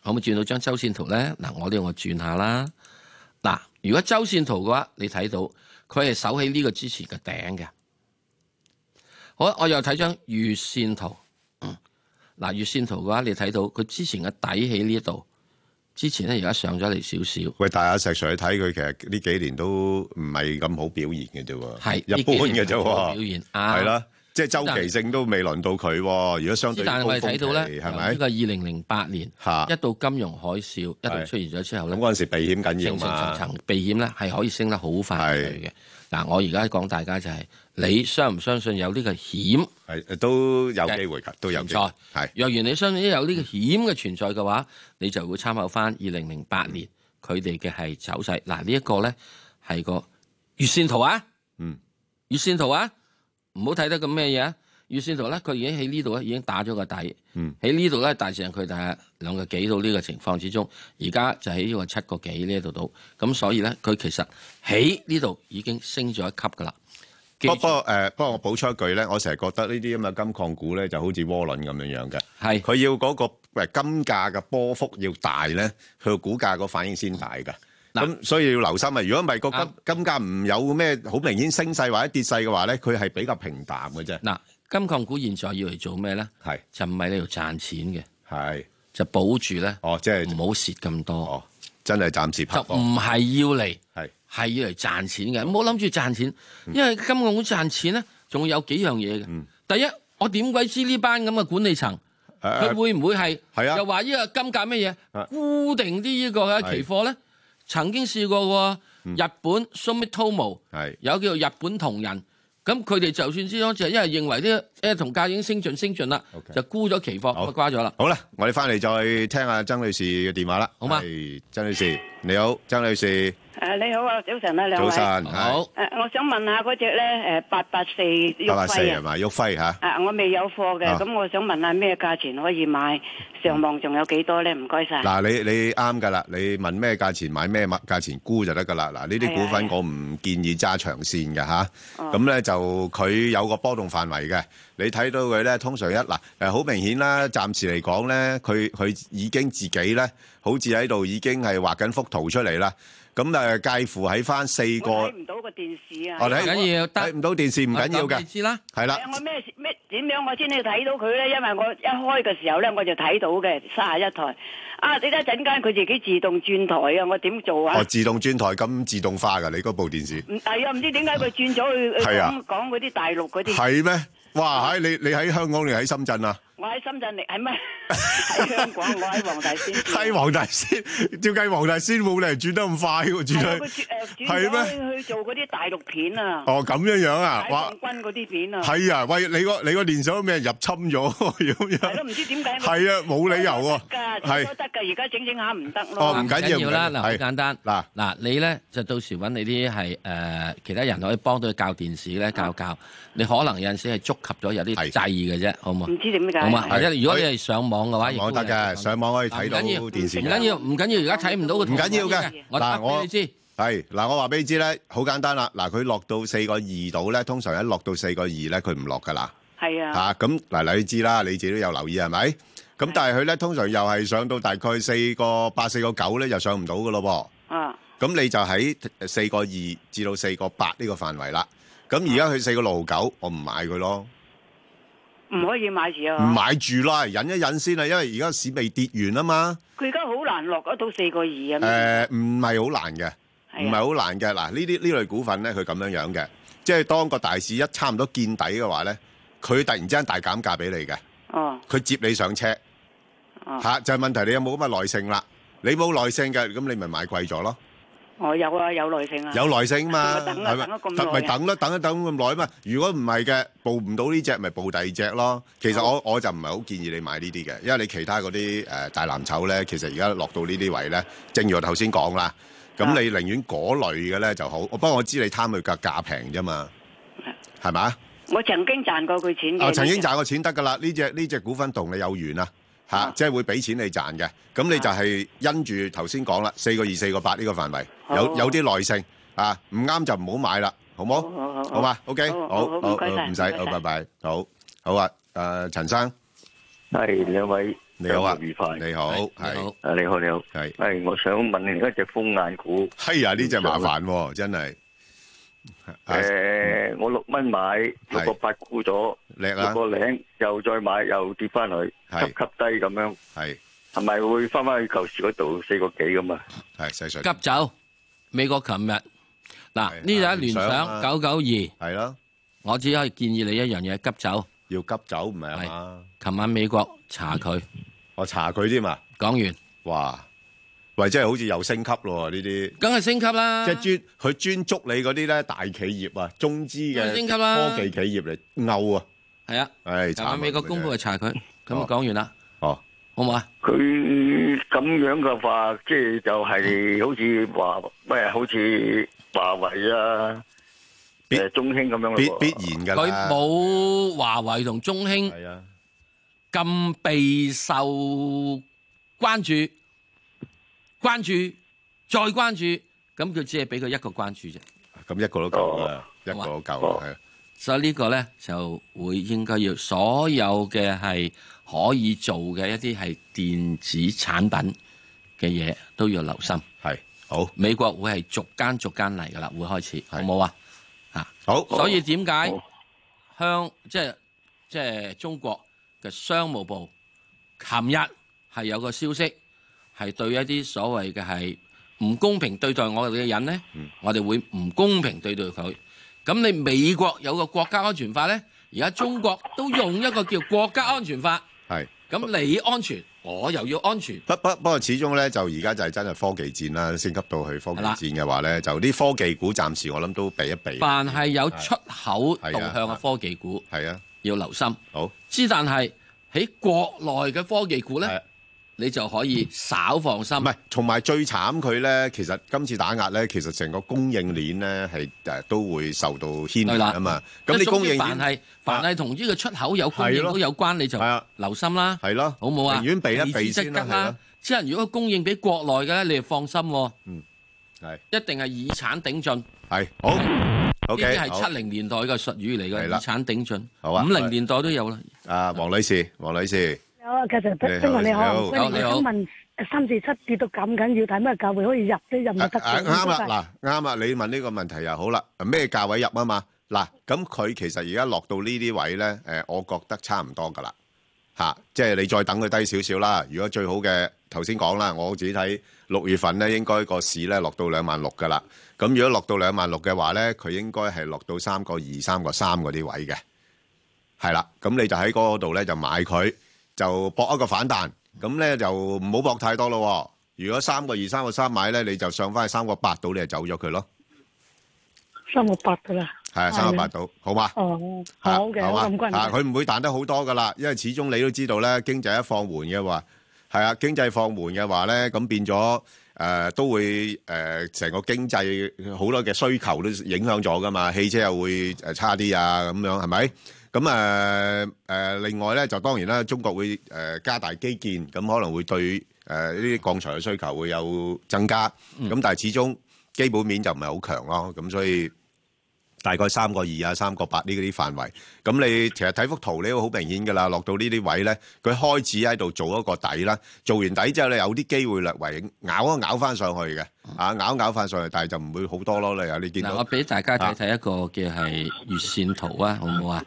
可唔可以轉到張周線圖咧？嗱，我呢我轉下啦。嗱，如果周線圖嘅話，你睇到佢係守喺呢個支持嘅頂嘅。好，我又睇張月線圖。嗱，月線圖嘅話，你睇到佢之前嘅底喺呢一度。之前咧，而家上咗嚟少少。喂，大家阿石上去睇佢，其實呢幾年都唔係咁好表現嘅啫，一般嘅啫。係啦、啊，即係周期性都未輪到佢。如果相對高峯嚟，但係我哋睇到咧，係咪？呢個二零零八年，一到金融海嘯，一到出現咗之後咧，嗰陣時避險緊要嘛。層避險咧，係可以升得好快嘅。嗱，我而家講大家就係。你相唔相信有呢個險係都有機會噶，都有會在係。若然你相信有呢個險嘅存在嘅話，嗯，你就會參考翻二零零八年佢哋嘅係走勢。嗱，嗯，呢一個咧係個月線圖啊，嗯，月線圖啊，唔好睇得咁咩嘢啊。月線圖咧，佢已經喺呢度咧，已經打咗個底，嗯，喺呢度咧，大成佢哋兩個幾度呢個情況之中，而家就喺呢個七個幾呢度度到咁，所以咧佢其實喺呢度已經升咗一級噶啦。不不過誒，不過我補充一句咧，我成日覺得呢啲咁嘅金礦股咧，就好似窩輪咁樣樣嘅。係，佢要嗰個誒金價嘅波幅要大咧，佢個股價個反應先大㗎。咁所以要留心啊！如果唔係個金金價唔有咩好明顯升勢或者跌勢嘅話咧，佢係比較平淡嘅啫。嗱，金礦股現在要嚟做咩咧？係就唔係喺度賺錢嘅。係就保住咧。哦，即係唔好蝕咁多。哦，真係暫時拍。就唔係要嚟。係。係要嚟賺錢嘅，唔好諗住賺錢，因為金融好賺錢咧，仲會有幾樣嘢嘅、嗯。第一，我點鬼知呢班咁嘅管理層，佢、呃、會唔會係又話呢個金價乜嘢固定啲？呢個嘅期貨咧，曾經試過嘅，日本 Sumitomo，、嗯、有叫做日本銅人，咁佢哋就算知講就係因為認為啲誒銅價已經升盡升盡啦，okay. 就沽咗期貨，瓜咗啦。好啦，我哋翻嚟再聽下曾女士嘅電話啦，好嘛？係曾女士。你好，張女士。誒，你好啊，早晨啊，兩位。早晨，好。誒，我想問下嗰隻咧，誒，八八四，旭輝啊。八八四係嘛，旭輝吓？啊，我未有貨嘅，咁我想問下咩價錢可以買？上網仲有幾多咧？唔該晒。嗱，你你啱噶啦，你問咩價錢買咩物？價錢沽就得噶啦。嗱，呢啲股份我唔建議揸長線嘅吓。咁咧就佢有個波動範圍嘅，你睇到佢咧，通常一嗱誒，好明顯啦。暫時嚟講咧，佢佢已經自己咧。好似喺度已經係畫緊幅圖出嚟啦，咁誒介乎喺翻四個睇唔到個電視啊。唔緊要，睇唔到電視唔緊要嘅。電視啦，係啦、呃。我咩咩點樣我先睇到佢咧？因為我一開嘅時候咧，我就睇到嘅三十一台。啊，你睇一陣間佢自己自動轉台啊！我點做啊？哦，自動轉台咁自動化㗎，你嗰部電視。唔係 啊，唔知點解佢轉咗去講講嗰啲大陸嗰啲。係咩？哇！係你，你喺香港定喺深圳啊？我喺深圳嚟，係咩？喺香港。我喺黃大仙。喺黃大仙，照計黃大仙冇嚟轉得咁快喎，轉得。係咩？去做嗰啲大陸片啊。哦，咁樣樣啊，話抗軍嗰啲片啊。係啊，喂，你個你個連鎖咩入侵咗咁樣。係咯，唔知點解。係啊，冇理由啊。㗎，全部得㗎，而家整整下唔得咯。哦，唔緊要啦，嗱，好簡單，嗱嗱你咧就到時揾你啲係誒其他人可以幫到佢教電視咧教教，你可能有陣時係觸及咗有啲制嘅啫，好唔好？唔知點解。唔係，或者如果你係上網嘅話，上網得嘅，上網可以睇到電視。唔緊要，唔緊要，而家睇唔到個圖。唔緊要嘅，但係我話俾你知，係嗱，我話俾你知咧，好簡單啦。嗱，佢落到四個二度咧，通常一落到四個二咧，佢唔落㗎啦。係啊。嚇咁，嗱，你知啦，你自己都有留意係咪？咁但係佢咧，通常又係上到大概四個八、四個九咧，又上唔到㗎咯噃。啊。咁你就喺四個二至到四個八呢個範圍啦。咁而家佢四個六九，我唔買佢咯。唔可以買住啊！買住啦，忍一忍先啦，因為而家市未跌完啊嘛。佢而家好難落得到四個二啊！誒，唔係好難嘅，唔係好難嘅。嗱，呢啲呢類股份咧，佢咁樣樣嘅，即係當個大市一差唔多見底嘅話咧，佢突然之間大減價俾你嘅。哦。佢接你上車。哦。啊、就係、是、問題，你有有，你有冇咁嘅耐性啦？你冇耐性嘅，咁你咪買貴咗咯。我有啊，有耐性啊，有耐性嘛，係咪等咗咁耐？咪等啦，等一等咁耐嘛。如果唔係嘅，報唔到呢隻，咪報第二隻咯。其實我我就唔係好建議你買呢啲嘅，因為你其他嗰啲誒大藍籌咧，其實而家落到呢啲位咧，正如我頭先講啦。咁你寧願嗰類嘅咧就好。不過我知你貪佢價價平啫嘛，係咪？我曾經賺過佢錢嘅，曾經賺過錢得噶啦。呢隻呢隻股份同你有緣啊。吓，即係會俾錢你賺嘅，咁你就係因住頭先講啦，四個二四個八呢個範圍，有有啲耐性啊，唔啱就唔好買啦，好冇？好好好，好嘛？OK，好，唔使，好，拜拜，好，好啊，誒，陳生，係兩位，你好啊，愉快，你好，係，啊，你好，你好，係，係，我想問另一隻風眼股，係啊，呢隻麻煩，真係。誒，我六蚊買，六個八沽咗，叻啦，六個零又再買，又跌翻去，級級低咁樣，係，係咪會翻翻去舊時嗰度四個幾咁啊？係，急走，美國琴日嗱，呢度一聯想九九二，係咯，我只可以建議你一樣嘢，急走，要急走唔係啊嘛，係，琴晚美國查佢，我查佢添啊，講完哇。即係好似又升級咯喎，呢啲梗係升級啦！即係專佢專捉你嗰啲咧大企業啊、中資嘅升科技企業嚟勾、no. 啊！係、哎、啊，美國公佈嚟查佢。咁、哦、講完啦、哦，好唔、就是、好啊？佢咁樣嘅話，即係就係好似華，唔好似華為啊，誒中興咁樣，必必然㗎。佢冇華為同中興咁備受關注。關注，再關注，咁佢只係俾佢一個關注啫。咁一個都夠啦、啊，一個都夠係。所以個呢個咧就會應該要所有嘅係可以做嘅一啲係電子產品嘅嘢，都要留心。係好，美國會係逐間逐間嚟噶啦，會開始好冇啊？吓好，所以點解向即係即係中國嘅商務部，琴日係有個消息。係對一啲所謂嘅係唔公平對待我哋嘅人呢，嗯、我哋會唔公平對待佢。咁你美國有個國家安全法呢，而家中國都用一個叫國家安全法。係。咁你安全，我又要安全。不不不過，始終呢，就而家就係真係科技戰啦，升級到去科技戰嘅話呢，就啲科技股暫時我諗都避一避。凡係有出口導向嘅科技股，係啊，要留心。好。之但係喺國內嘅科技股呢。你就可以少放心。唔係，同埋最慘佢咧，其實今次打壓咧，其實成個供應鏈咧係誒都會受到牽連啊嘛。咁你供應鏈係凡係同呢個出口有供應都有關，你就留心啦。係咯，好唔好啊？寧願避一避先啦。即係如果供應俾國內嘅咧，你就放心。嗯，係，一定係以產頂進。係，好，OK。呢啲係七零年代嘅術語嚟嘅，以產頂進。好啊，五零年代都有啦。啊，黃女士，黃女士。哦，其實，張華你好，歡迎。請問三四七跌到咁緊要，睇咩價位可以入咧？又入唔得嘅。啱啦，嗱，啱啦。你問呢個問題又好啦，咩價位入啊？嘛嗱，咁佢其實而家落到呢啲位咧，誒，我覺得差唔多噶啦嚇，即係你再等佢低少少啦。如果最好嘅頭先講啦，我自己睇六月份咧，應該個市咧落到兩萬六噶啦。咁如果落到兩萬六嘅話咧，佢應該係落到三個二、三個三嗰啲位嘅，係啦。咁你就喺嗰度咧就買佢，就搏一個反彈，咁咧就唔好搏太多咯。如果三個二、三個三買咧，你就上翻去三個八度，你就走咗佢咯。三個八噶啦，係啊，三個八度，好嘛？哦，好嘅，好咁貴。啊，佢唔會彈得好多噶啦，因為始終你都知道咧，經濟一放緩嘅話，係啊，經濟放緩嘅話咧，咁變咗誒都會誒成個經濟好多嘅需求都影響咗噶嘛，汽車又會誒差啲啊，咁樣係咪？咁誒誒，另外咧就當然啦，中國會誒、呃、加大基建，咁可能會對誒呢啲鋼材嘅需求會有增加。咁、嗯、但係始終基本面就唔係好強咯，咁所以。大概三個二啊，三個八呢啲範圍。咁你其實睇幅圖咧，好明顯噶啦，落到呢啲位咧，佢開始喺度做一個底啦。做完底之後咧，有啲機會略為咬一咬翻上去嘅，啊咬一咬翻上去，但係就唔會好多咯。你有啲見到。我俾大家睇睇一個叫係線圖啊，好唔好啊？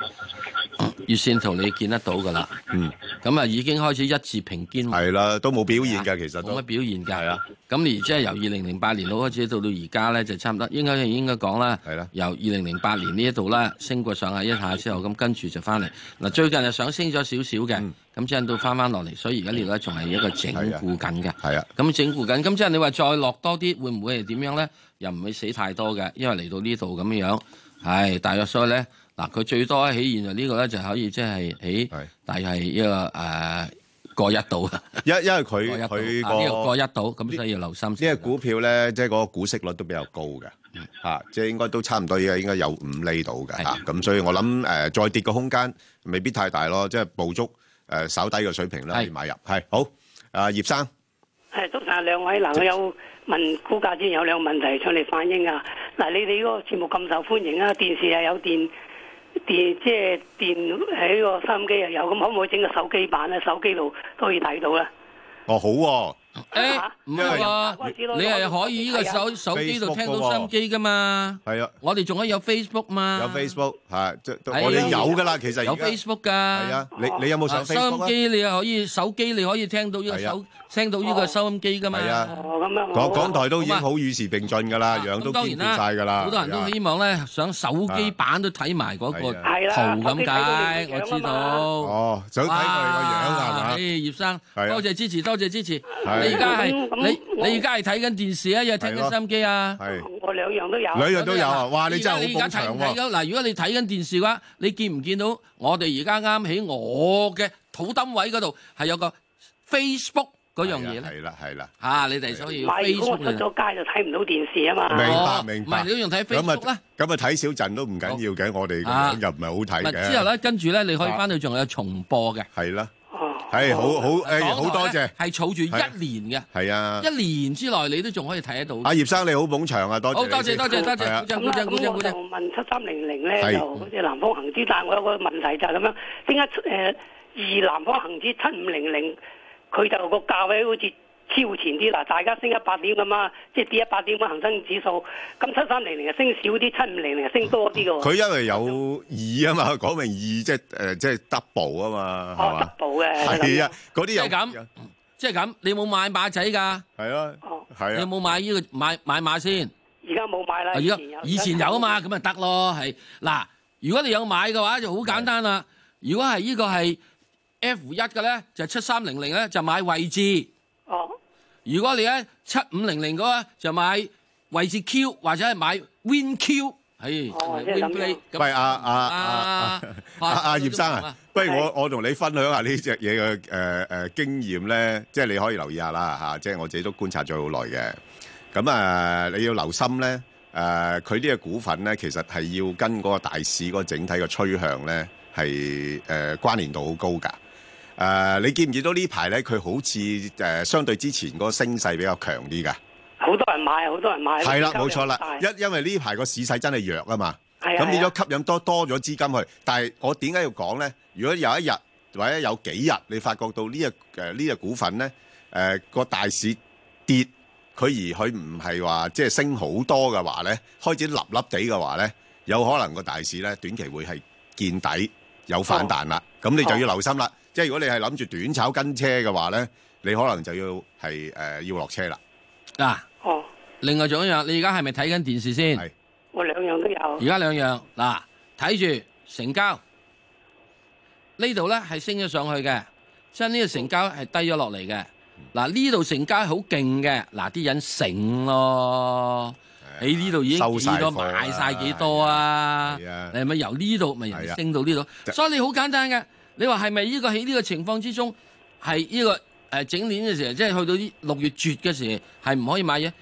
月、嗯、線圖你見得到噶啦，嗯，咁啊已經開始一字平肩，係啦，都冇表現噶，其實冇乜表現噶，係啦。咁而即係由二零零八年開始到到而家咧，就差唔多應該應該講啦，係啦。由二零零八年呢一度啦，升過上去一下之後，咁跟住就翻嚟。嗱，最近又想升咗少少嘅，咁即係都翻翻落嚟。所以而家呢個仲係一個整固緊嘅，係啊。咁整固緊，咁即係你話再落多啲，會唔會係點樣咧？又唔會死太多嘅，因為嚟到呢度咁樣樣，係大約所以咧。嗱，佢最多喺現在呢個咧，就可以即係喺，但係依個誒過一度啊，因因為佢佢個過一度，咁所以要留心。因為股票咧，即係個股息率都比較高嘅，嚇，即係應該都差唔多，應該有五厘度嘅嚇。咁所以我諗誒，再跌個空間未必太大咯，即係捕捉誒稍低嘅水平咧，可以買入。係好，阿葉生，係，多謝兩位。嗱，我有問股價之前有兩個問題上嚟反映啊。嗱，你哋嗰個節目咁受歡迎啊，電視又有電。電即係電喺個收音機又有，咁可唔可以整個手機版咧？手機度都可以睇到咧。哦，好，吓唔係喎，你係可以依個手手機度聽到收音機噶嘛？係啊，我哋仲可以有 Facebook 嘛？有 Facebook，係，我哋有噶啦，其實而家有 Facebook 噶。係啊，你你有冇上 Facebook 啊？收音機你又可以，手機你可以聽到依個手。聽到呢個收音機㗎嘛？係、哦、啊，咁、哦、啊，港台都已經好與時並進㗎啦，樣都見晒曬㗎啦。好、啊、多人都希望咧，想、啊、手機版都睇埋嗰個圖咁解、啊啊。我知道、啊啊啊啊啊、我知道哦，想睇佢個樣啊！誒、哎，葉生、啊，多謝支持，多謝支持。啊、你而家係你、嗯嗯、你而家係睇緊電視啊，又聽緊收音機啊，啊，啊我？我兩樣都有，兩樣都有，都都有啊哇！哇，你真係好長喎。嗱，如果你睇緊電視嘅話，你見唔見到我哋而家啱喺我嘅土墩位嗰度係有個 Facebook。嗰樣嘢咧，係啦，係啦，嚇你哋所以咪嗰出咗街就睇唔到電視啊嘛，明白明白。咁啊咁啊睇少陣都唔緊要嘅，我哋又唔係好睇嘅。之後咧，跟住咧，你可以翻去仲有重播嘅。係啦，係好好誒，好多謝。係儲住一年嘅，係啊，一年之內你都仲可以睇得到。阿葉生你好，捧場啊，多謝。好多謝多謝多謝，古仔古仔古仔古仔。我就問七三零零咧，就好似南方恆指，但係我有個問題就係咁樣，點解誒而南方恆指七五零零？佢就那個價位好似超前啲啦，大家升一百點咁啊，即係跌一百點咁，恒生指數咁七三零零啊，就升少啲，七五零零啊，升多啲嘅喎。佢、嗯、因為有二啊嘛，佢講明二即係誒，即係 double 啊嘛，d o u b l e 嘅。係、哦、啊，嗰啲又係咁，即係咁，你冇買馬仔㗎？係啊，哦，啊，你冇買呢、這個買買馬先？而家冇買啦。而家以前有啊嘛，咁咪得咯，係嗱。如果你有買嘅話就好簡單啦。如果係呢個係。F 一嘅咧就七三零零咧就買位置哦。如果你咧七五零零嗰咧就買位置 Q 或者係買 Win Q,、哎哦、者 Win Q。係、啊，唔係啊啊啊啊葉、啊啊啊啊啊啊、生啊，不如我我同你分享下呢隻嘢嘅，誒誒經驗咧，即、就、係、是、你可以留意下啦吓，即、啊、係我自己都觀察咗好耐嘅。咁啊，啊，你要留心咧誒，佢呢隻股份咧其實係要跟嗰個大市嗰個整體嘅趨向咧係誒關聯度好高噶。誒、呃，你見唔見到呢排咧？佢好似誒、呃、相對之前個升勢比較強啲㗎。好多人買，好多人買。係啦，冇錯啦。因因為呢排個市勢真係弱啊嘛。咁變咗吸引多多咗資金去。但係我點解要講呢？如果有一日或者有幾日，你發覺到呢個誒呢個股份呢誒、呃這個大市跌，佢而佢唔係話即係升好多嘅話呢，開始凹凹地嘅話呢，有可能個大市呢短期會係見底有反彈啦。咁、哦、你就要留心啦。哦即係如果你係諗住短炒跟車嘅話咧，你可能就要係誒、呃、要落車啦。嗱，哦，另外仲有一樣，你而家係咪睇緊電視先？我兩樣都有。而家兩樣嗱，睇、啊、住成交，這裡呢度咧係升咗上去嘅，真呢個成交係低咗落嚟嘅。嗱、啊，呢度成交好勁嘅，嗱、啊、啲人醒咯，你呢度已經見過賣曬幾多，了了多少啊，啊，啊？你是是這裡啊，係咪由呢度咪升到呢度、啊？所以你好簡單嘅。你話係咪呢個喺呢個情況之中係呢個誒整年嘅時候，即係去到呢六月絕嘅時候係唔可以買嘢？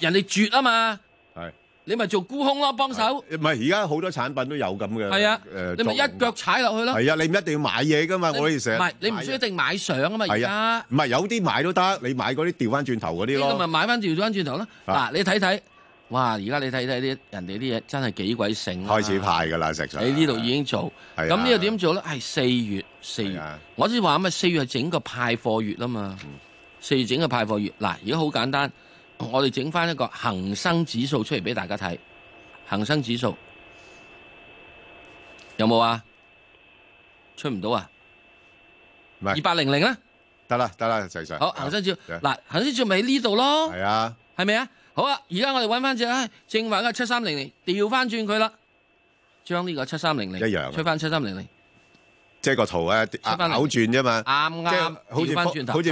人哋絕啊嘛，係你咪做沽空咯，幫手唔係而家好多產品都有咁嘅係啊。誒，你咪一腳踩落去咯。係啊，你唔一定要買嘢噶嘛？我意思係唔係你唔需要一定買上啊嘛？而家唔係有啲買都得，你買嗰啲調翻轉頭嗰啲咯。咁咪買翻調翻轉頭咯。嗱，你睇睇。哇！而家你睇睇啲人哋啲嘢真係幾鬼醒開始派噶啦，石 Sir，喺呢度已經做，咁呢度點做咧？係四月，四月，的我先話乜？四月係整個派貨月啊嘛，四月整個派貨月。嗱，而家好簡單，我哋整翻一個恒生指數出嚟俾大家睇，恒生指數有冇啊？出唔到啊？二百零零啊？得啦得啦，石 Sir 好，恒生指數嗱，恒生指數咪喺呢度咯，係啊，係咪啊？.好啦，啊，而家我哋揾翻隻，正話嘅七三零零調翻轉佢啦，將呢個七三零零一樣，吹翻七三零零，即係個圖咧，扭轉啫嘛，啱啱，好似好似變好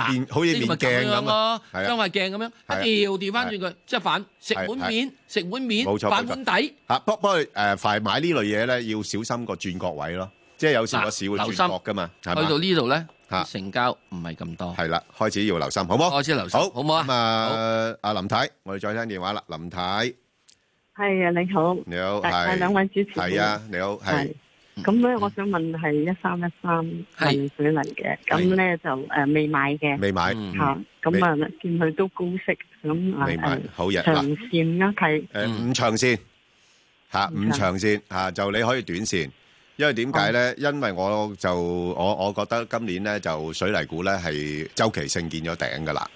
似變鏡咁咯，將塊鏡咁樣一調調翻轉佢，即係反食碗面，啊啊、食碗面，反碗底。吓，啊，不過誒，快、呃、買類呢類嘢咧，要小心個轉角位咯，即係有時個市會轉角噶嘛，去、啊、到呢度咧。成交唔係咁多，係啦，開始要留心，好唔好？開始留心，好，好唔好啊？咁啊，阿林太，我哋再聽電話啦。林太，係啊，你好，你好，係兩位主持人，係啊，你好，係。咁咧，我想問係一三一三混凝土嚟嘅，咁咧就誒未買嘅，未買，吓，咁啊見佢都高息，咁未買，好嘢啦，長線啊，係誒，唔長線，係唔長線啊，就你可以短線。因為點解咧？因為我就我我覺得今年咧就水泥股咧係周期性見咗頂噶啦，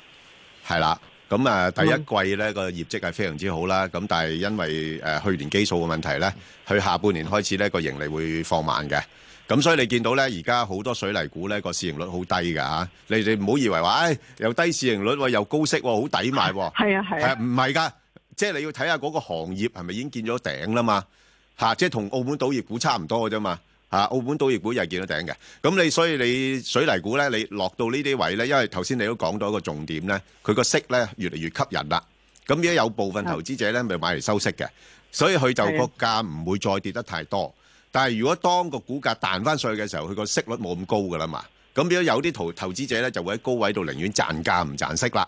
係啦。咁啊第一季咧個業績係非常之好啦。咁但係因為誒去年基數嘅問題咧，佢下半年開始咧個盈利會放慢嘅。咁所以你見到咧而家好多水泥股咧個市盈率好低噶吓。你哋唔好以為話誒又低市盈率又高息好抵買。係啊係。誒唔係噶，即係你要睇下嗰個行業係咪已經見咗頂啦嘛。吓，即係同澳門賭業股差唔多嘅啫嘛。嚇，澳門賭業股又係見到頂嘅。咁你所以你水泥股咧，你落到呢啲位咧，因為頭先你都講到一個重點咧，佢個息咧越嚟越吸引啦。咁而家有部分投資者咧，咪買嚟收息嘅，所以佢就個價唔會再跌得太多。但係如果當個股價彈翻上去嘅時候，佢個息率冇咁高嘅啦嘛。咁而家有啲投投資者咧，就會喺高位度寧願賺價唔賺息啦。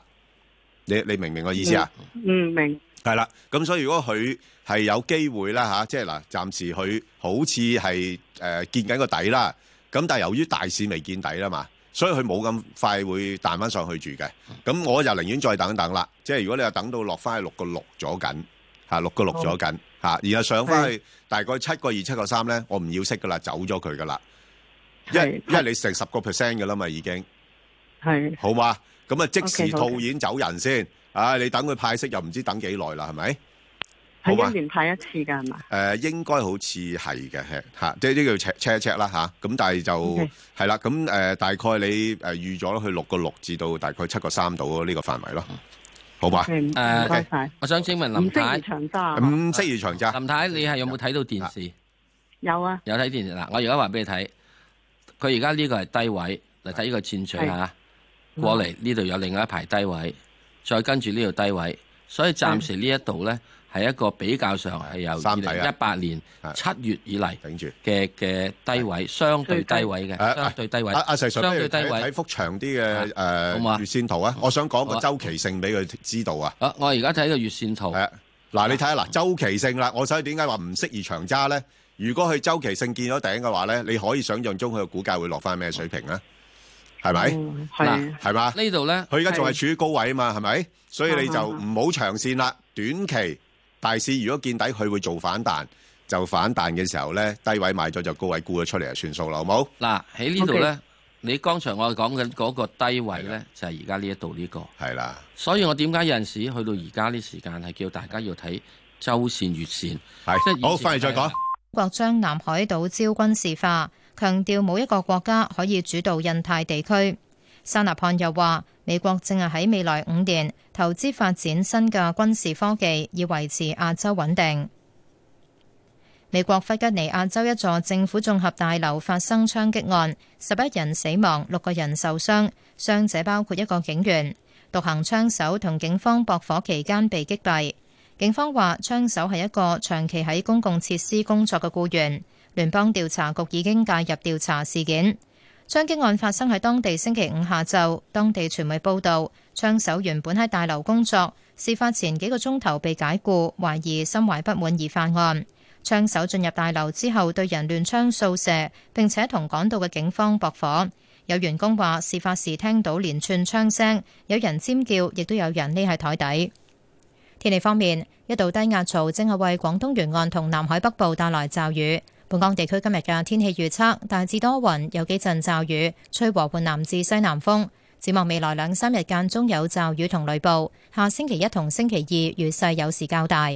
你你明唔明我意思啊？嗯，明。係啦，咁所以如果佢係有機會啦、啊、即係嗱，暫時佢好似係誒見緊個底啦。咁但係由於大市未見底啦嘛，所以佢冇咁快會彈翻上去住嘅。咁我就寧願再等等啦。即係如果你又等到落翻去、啊、六個六咗緊、啊、六個六咗緊嚇，然後上翻去大概七個二、七個三咧，我唔要息噶啦，走咗佢噶啦。一因為你成十個 percent 噶啦嘛，已經係好嘛。咁啊，即時套現走人先。Okay, okay. 啊！你等佢派息又唔知等幾耐啦，係咪？係一年派一次噶係嘛？誒、呃，應該好似係嘅，吓，即係呢叫尺尺尺啦，吓。咁、啊、但係就係啦，咁、okay. 誒、呃，大概你誒、呃、預咗去六個六至到大概七個三度呢個範圍咯。好嘛？誒、嗯 okay. 呃，我想請問林太，咁十長假、啊啊，林太你係有冇睇到電視？有啊，有睇電視嗱、啊。我而家話俾你睇，佢而家呢個係低位嚟，睇呢個戰場吓，過嚟呢度有另外一排低位。再跟住呢度低位，所以暫時呢一度呢係一個比較上係由二零一八年七月以嚟嘅嘅低位，相對低位嘅相對低位。阿阿 Sir，上睇幅長啲嘅誒月線圖啊！我想講個周期性俾佢知道啊，啊！啊，我而家睇個月線圖。嗱、啊，你睇下嗱，周期性啦，我所以點解話唔適宜長揸呢？如果佢周期性見咗頂嘅話呢，你可以想象中佢嘅股價會落翻咩水平啊？啊係咪？嗱、嗯，係嘛？呢度咧，佢而家仲係處於高位啊嘛，係咪？所以你就唔好長線啦，短期大市如果見底，佢會做反彈，就反彈嘅時候咧，低位賣咗就高位沽咗出嚟就算數啦，好冇？嗱，喺呢度咧，你剛才我講緊嗰個低位咧，就係而家呢一度呢個係啦。所以我點解有陣時候去到而家呢時間係叫大家要睇周線、月線。係，好翻，去再講。國將南海島礁軍事化，強調冇一個國家可以主導印太地區。沙納漢又話，美國正係喺未來五年投資發展新嘅軍事科技，以維持亞洲穩定。美國弗吉尼亞州一座政府綜合大樓發生槍擊案，十一人死亡，六個人受傷，傷者包括一個警員。獨行槍手同警方駁火期間被擊斃。警方話，槍手係一個長期喺公共設施工作嘅僱員。聯邦調查局已經介入調查事件。槍擊案發生喺當地星期五下晝。當地傳媒報道，槍手原本喺大樓工作，事發前幾個鐘頭被解雇，懷疑心懷不滿而犯案。槍手進入大樓之後，對人亂槍掃射，並且同趕到嘅警方搏火。有員工話，事發時聽到連串槍聲，有人尖叫，亦都有人匿喺台底。天氣方面，一道低壓槽正係為廣東沿岸同南海北部帶來驟雨。本港地區今日嘅天氣預測大致多雲，有幾陣驟雨，吹和緩南至西南風。展望未來兩三日間中有驟雨同雷暴，下星期一同星期二雨勢有時較大。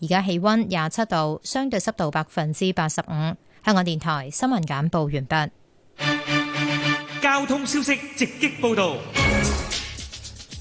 而家氣溫廿七度，相對濕度百分之八十五。香港電台新聞簡報完畢。交通消息直擊報道。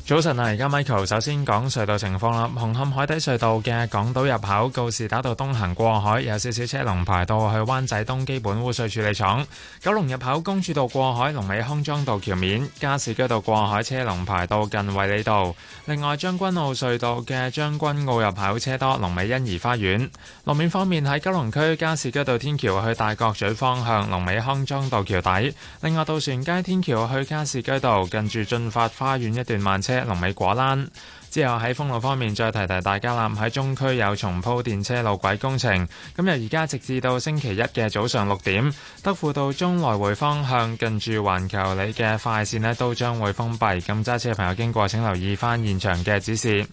早晨啊！而家 Michael 首先講隧道情況啦。紅磡海底隧道嘅港島入口告士打道東行過海有少少車龍排到去灣仔東基本污水處理廠。九龍入口公主道過海龍尾康莊道橋面，加士居道過海車龍排到近衛理道。另外將軍澳隧道嘅將軍澳入口車多，龍尾欣怡花園。路面方面喺九龍區加士居道天橋去大角咀方向龍尾康莊道橋底。另外渡船街天橋去加士居道近住駿發花園一段慢車。車龍尾果欄。之後喺封路方面，再提提大家啦。喺中區有重鋪電車路軌工程，咁由而家直至到星期一嘅早上六點，德輔道中來回方向近住環球里嘅快線呢都將會封閉。咁揸車嘅朋友經過，請留意翻現場嘅指示。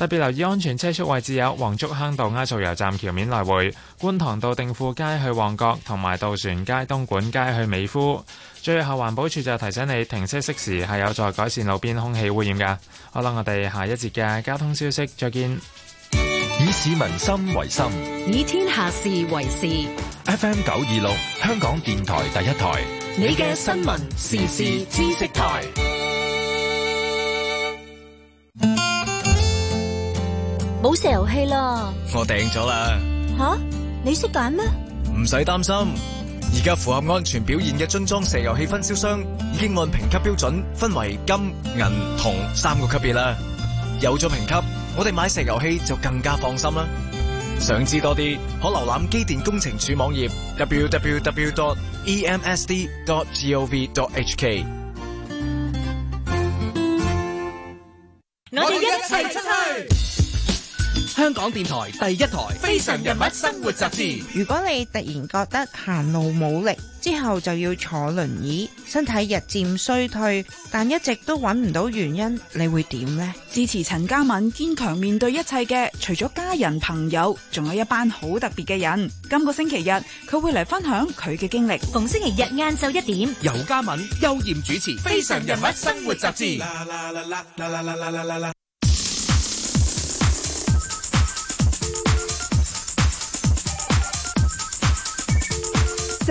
特別留意安全車速位置有黃竹坑道埃索油站橋面來回、觀塘道定富街去旺角，同埋渡船街東莞街去美孚。最後環保署就提醒你，停車熄匙係有助改善路邊空氣污染噶。好啦，我哋下一節嘅交通消息再見。以市民心為心，以天下事為事。F M 九二六，香港電台第一台，你嘅新聞時事知識台。冇石油氣啦，我訂咗啦。吓，你識揀咩？唔使擔心，而家符合安全表現嘅樽裝石油氣分銷商已經按評級標準分為金、銀、銅三個級別啦。有咗評級，我哋買石油氣就更加放心啦。想知多啲，可瀏覽機電工程署網頁 www.emsd.gov.hk。我哋一齊出去。香港電台第一台《非常人物生活雜誌》。如果你突然覺得行路冇力，之後就要坐輪椅，身體日漸衰退，但一直都揾唔到原因，你會點呢？支持陳嘉敏堅強面對一切嘅，除咗家人朋友，仲有一班好特別嘅人。今個星期日，佢會嚟分享佢嘅經歷。逢星期日晏晝一點，由嘉敏邱艷主持《非常人物生活雜誌》啦啦啦啦。啦啦啦啦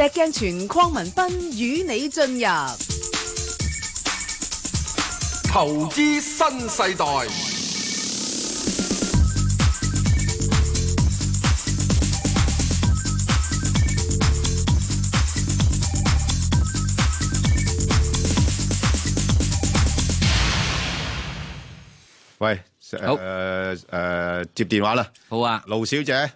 石鏡泉鄺民彬與你進入投資新世代。喂，好，誒誒、呃呃，接電話啦。好啊，盧小姐。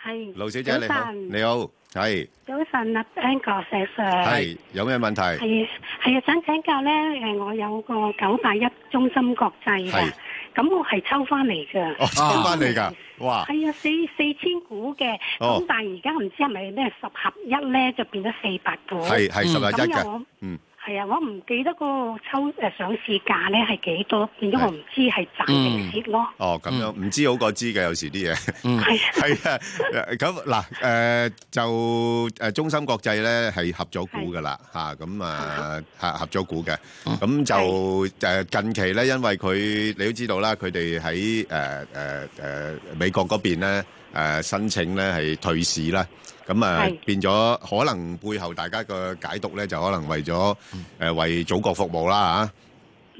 係盧小姐，你好，你好。係早晨啊 Angus Sir，係有咩問題？係係啊，想請教咧，誒，我有個九八一中心國際噶，咁我係抽翻嚟噶，抽翻嚟噶，哇，係啊，四四千股嘅，咁、哦、但係而家唔知係咪咩十合一咧，就變咗四百股，係係十合一嘅，嗯。係啊，我唔記得個抽誒上市價咧係幾多，變咗我唔知係賺定蝕咯。哦，咁樣唔、嗯、知好過知嘅，有時啲嘢。係、嗯、係啊，咁嗱誒就誒中芯國際咧係合咗股㗎啦咁啊，啊，啊合咗股嘅，咁、嗯、就近期咧，因為佢你都知道啦，佢哋喺誒誒誒美國嗰邊咧。誒、呃、申請咧係退市啦，咁啊、呃、變咗可能背後大家個解讀咧就可能為咗誒、呃、為祖國服務啦嚇。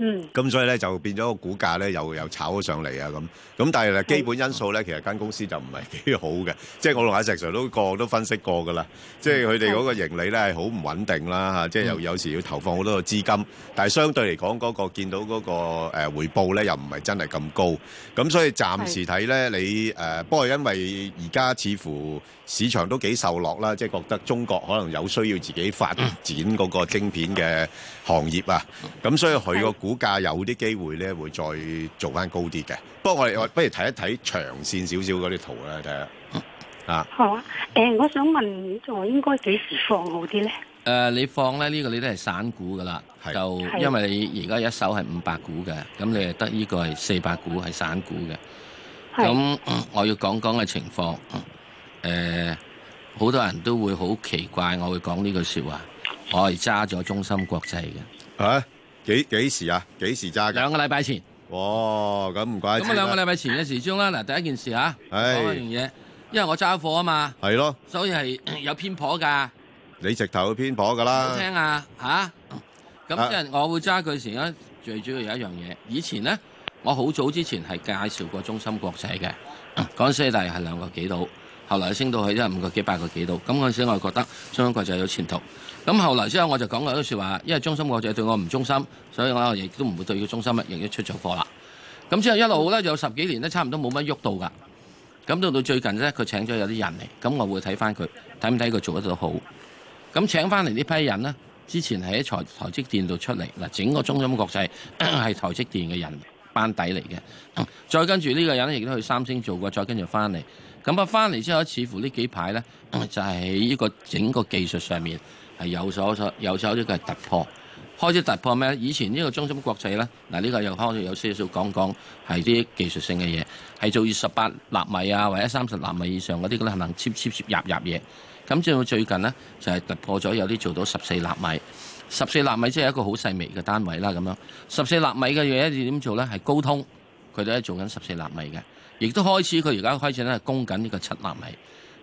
嗯，咁所以咧就變咗個股價咧又又炒咗上嚟啊，咁，咁但係咧基本因素咧其實間公司就唔係幾好嘅，即係我同阿石 Sir 都個都分析過噶啦，即係佢哋嗰個盈利咧係好唔穩定啦嚇，即係又有時要投放好多個資金，但係相對嚟講嗰個見到嗰個誒回報咧又唔係真係咁高，咁所以暫時睇咧你誒，不過因為而家似乎，市場都幾受落啦，即係覺得中國可能有需要自己發展嗰個晶片嘅行業啊。咁、嗯、所以佢個股價有啲機會咧，會再做翻高啲嘅。不過我哋不如睇一睇長線少少嗰啲圖啦，睇下、嗯、啊。好啊。誒、呃，我想問你，仲應該幾時放好啲咧？誒、呃，你放咧呢、呢個你都係散股噶啦，就因為你而家一手係五百股嘅，咁你誒得呢個係四百股係散股嘅。咁我要講講嘅情況。嗯誒、呃，好多人都會好奇怪，我會講呢句說話，我係揸咗中心國際嘅吓。啊、幾幾時啊？幾時揸嘅？兩個禮拜前。哇、哦，咁唔怪得。咁兩個禮拜前嘅時鐘啦。嗱，第一件事啊，講一樣嘢，因為我揸貨啊嘛，係咯，所以係有偏頗噶。你直頭偏頗噶啦，好聽啊吓？咁即係我會揸佢時咧、啊，最主要有一樣嘢。以前咧，我好早之前係介紹過中心國際嘅，講嗰時係兩個幾度。後嚟升到去一五個幾百個幾度，咁嗰陣時我覺得中芯國際有前途。咁後嚟之後我就講過一句説話，因為中芯國際對我唔忠心，所以我亦都唔會對佢忠心，亦都出咗貨啦。咁之後一路咧有十幾年咧，差唔多冇乜喐到噶。咁到到最近咧，佢請咗有啲人嚟，咁我會睇翻佢睇唔睇佢做得到好。咁請翻嚟呢批人呢，之前喺台台積電度出嚟嗱，整個中芯國際係台積電嘅人班底嚟嘅。再跟住呢個人亦都去三星做過，再跟住翻嚟。咁啊，翻嚟之後，似乎呢幾排呢，就係喺呢個整個技術上面係有所有所呢個突破。開始突破咩？以前呢個中芯國際呢，嗱呢個又可以有少少講講，係啲技術性嘅嘢，係做十八納米啊，或者三十納米以上嗰啲可能切切切入入嘢。咁至到最近呢，就係突破咗，有啲做到十四納米。十四納米即係一個好細微嘅單位啦，咁樣十四納米嘅嘢點做呢？係高通佢哋做緊十四納米嘅。亦都開始，佢而家開始咧供緊呢個七納米。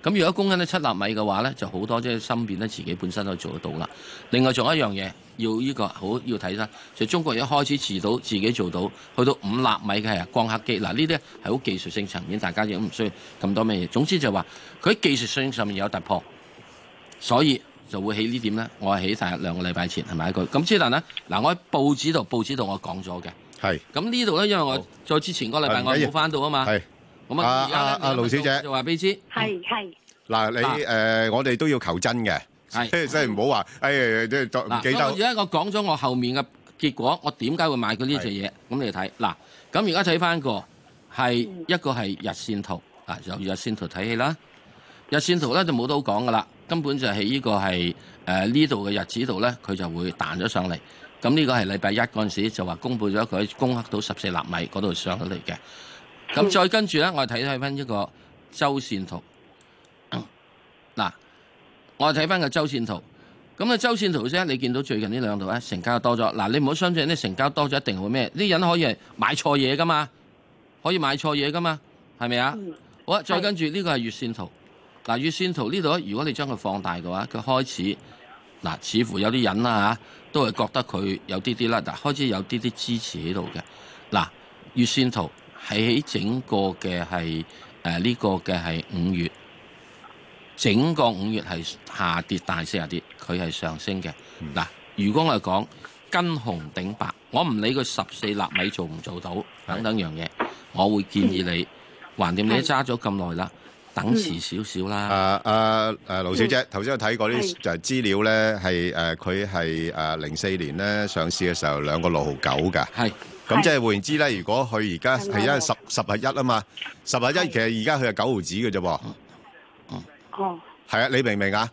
咁如果供緊呢七納米嘅話咧，就好多即係芯片咧自己本身都做得到啦。另外仲有一樣嘢，要呢、這個好要睇啦。就是、中國而家開始自到自己做到，去到五納米嘅係光刻機。嗱，呢啲係好技術性層面，大家亦都唔需要咁多咩嘢。總之就話、是、佢技術性上面有突破，所以就會起呢點咧。我係起晒兩個禮拜前係咪一句？咁之但咧嗱，我喺報紙度、報紙度我講咗嘅。係咁呢度咧，因為我再之前個禮拜我冇翻到啊嘛。係咁啊，阿阿盧小姐就話俾你知，係係嗱你誒，我哋、嗯呃呃、都要求真嘅，即係唔好話哎即係唔記得。而家我講咗我後面嘅結果，我點解會買佢呢隻嘢？咁你睇嗱，咁而家睇翻個係一個係日綫圖啊，由日綫圖睇起啦。日綫圖咧就冇得好講噶啦，根本就係呢個係誒呢度嘅日子度咧，佢就會彈咗上嚟。咁呢個係禮拜一嗰陣時候就話公布咗佢攻克到十四納米嗰度上咗嚟嘅。咁再跟住呢，我哋睇睇翻一個周線圖。嗱，我哋睇翻個周線圖。咁啊，周線圖先，你見到最近這兩呢兩度咧，成交多咗。嗱，你唔好相信呢成交多咗一定會咩？呢人可以係買錯嘢噶嘛？可以買錯嘢噶嘛？係咪啊？好啊，再跟住呢個係月線圖。嗱，月線圖呢度，如果你將佢放大嘅話，佢開始。嗱，似乎有啲人啦、啊、嚇，都係覺得佢有啲啲啦，嗱，開始有啲啲支持喺度嘅。嗱，月線圖喺整個嘅係誒呢個嘅係五月，整個五月係下跌大四下跌，佢係上升嘅。嗱、嗯，如果我講根紅頂白，我唔理佢十四納米做唔做到等等樣嘢，我會建議你橫掂、嗯、你揸咗咁耐啦。嗯等遲少少啦。啊啊啊！盧小姐，頭先我睇過啲就係資料咧，係誒佢係誒零四年咧上市嘅時候兩個六毫九㗎。係咁，即係換言之咧，如果佢而家係因為十十合一啊嘛，十合一其實而家佢係九毫子嘅啫噃。哦，係啊，你明唔明啊？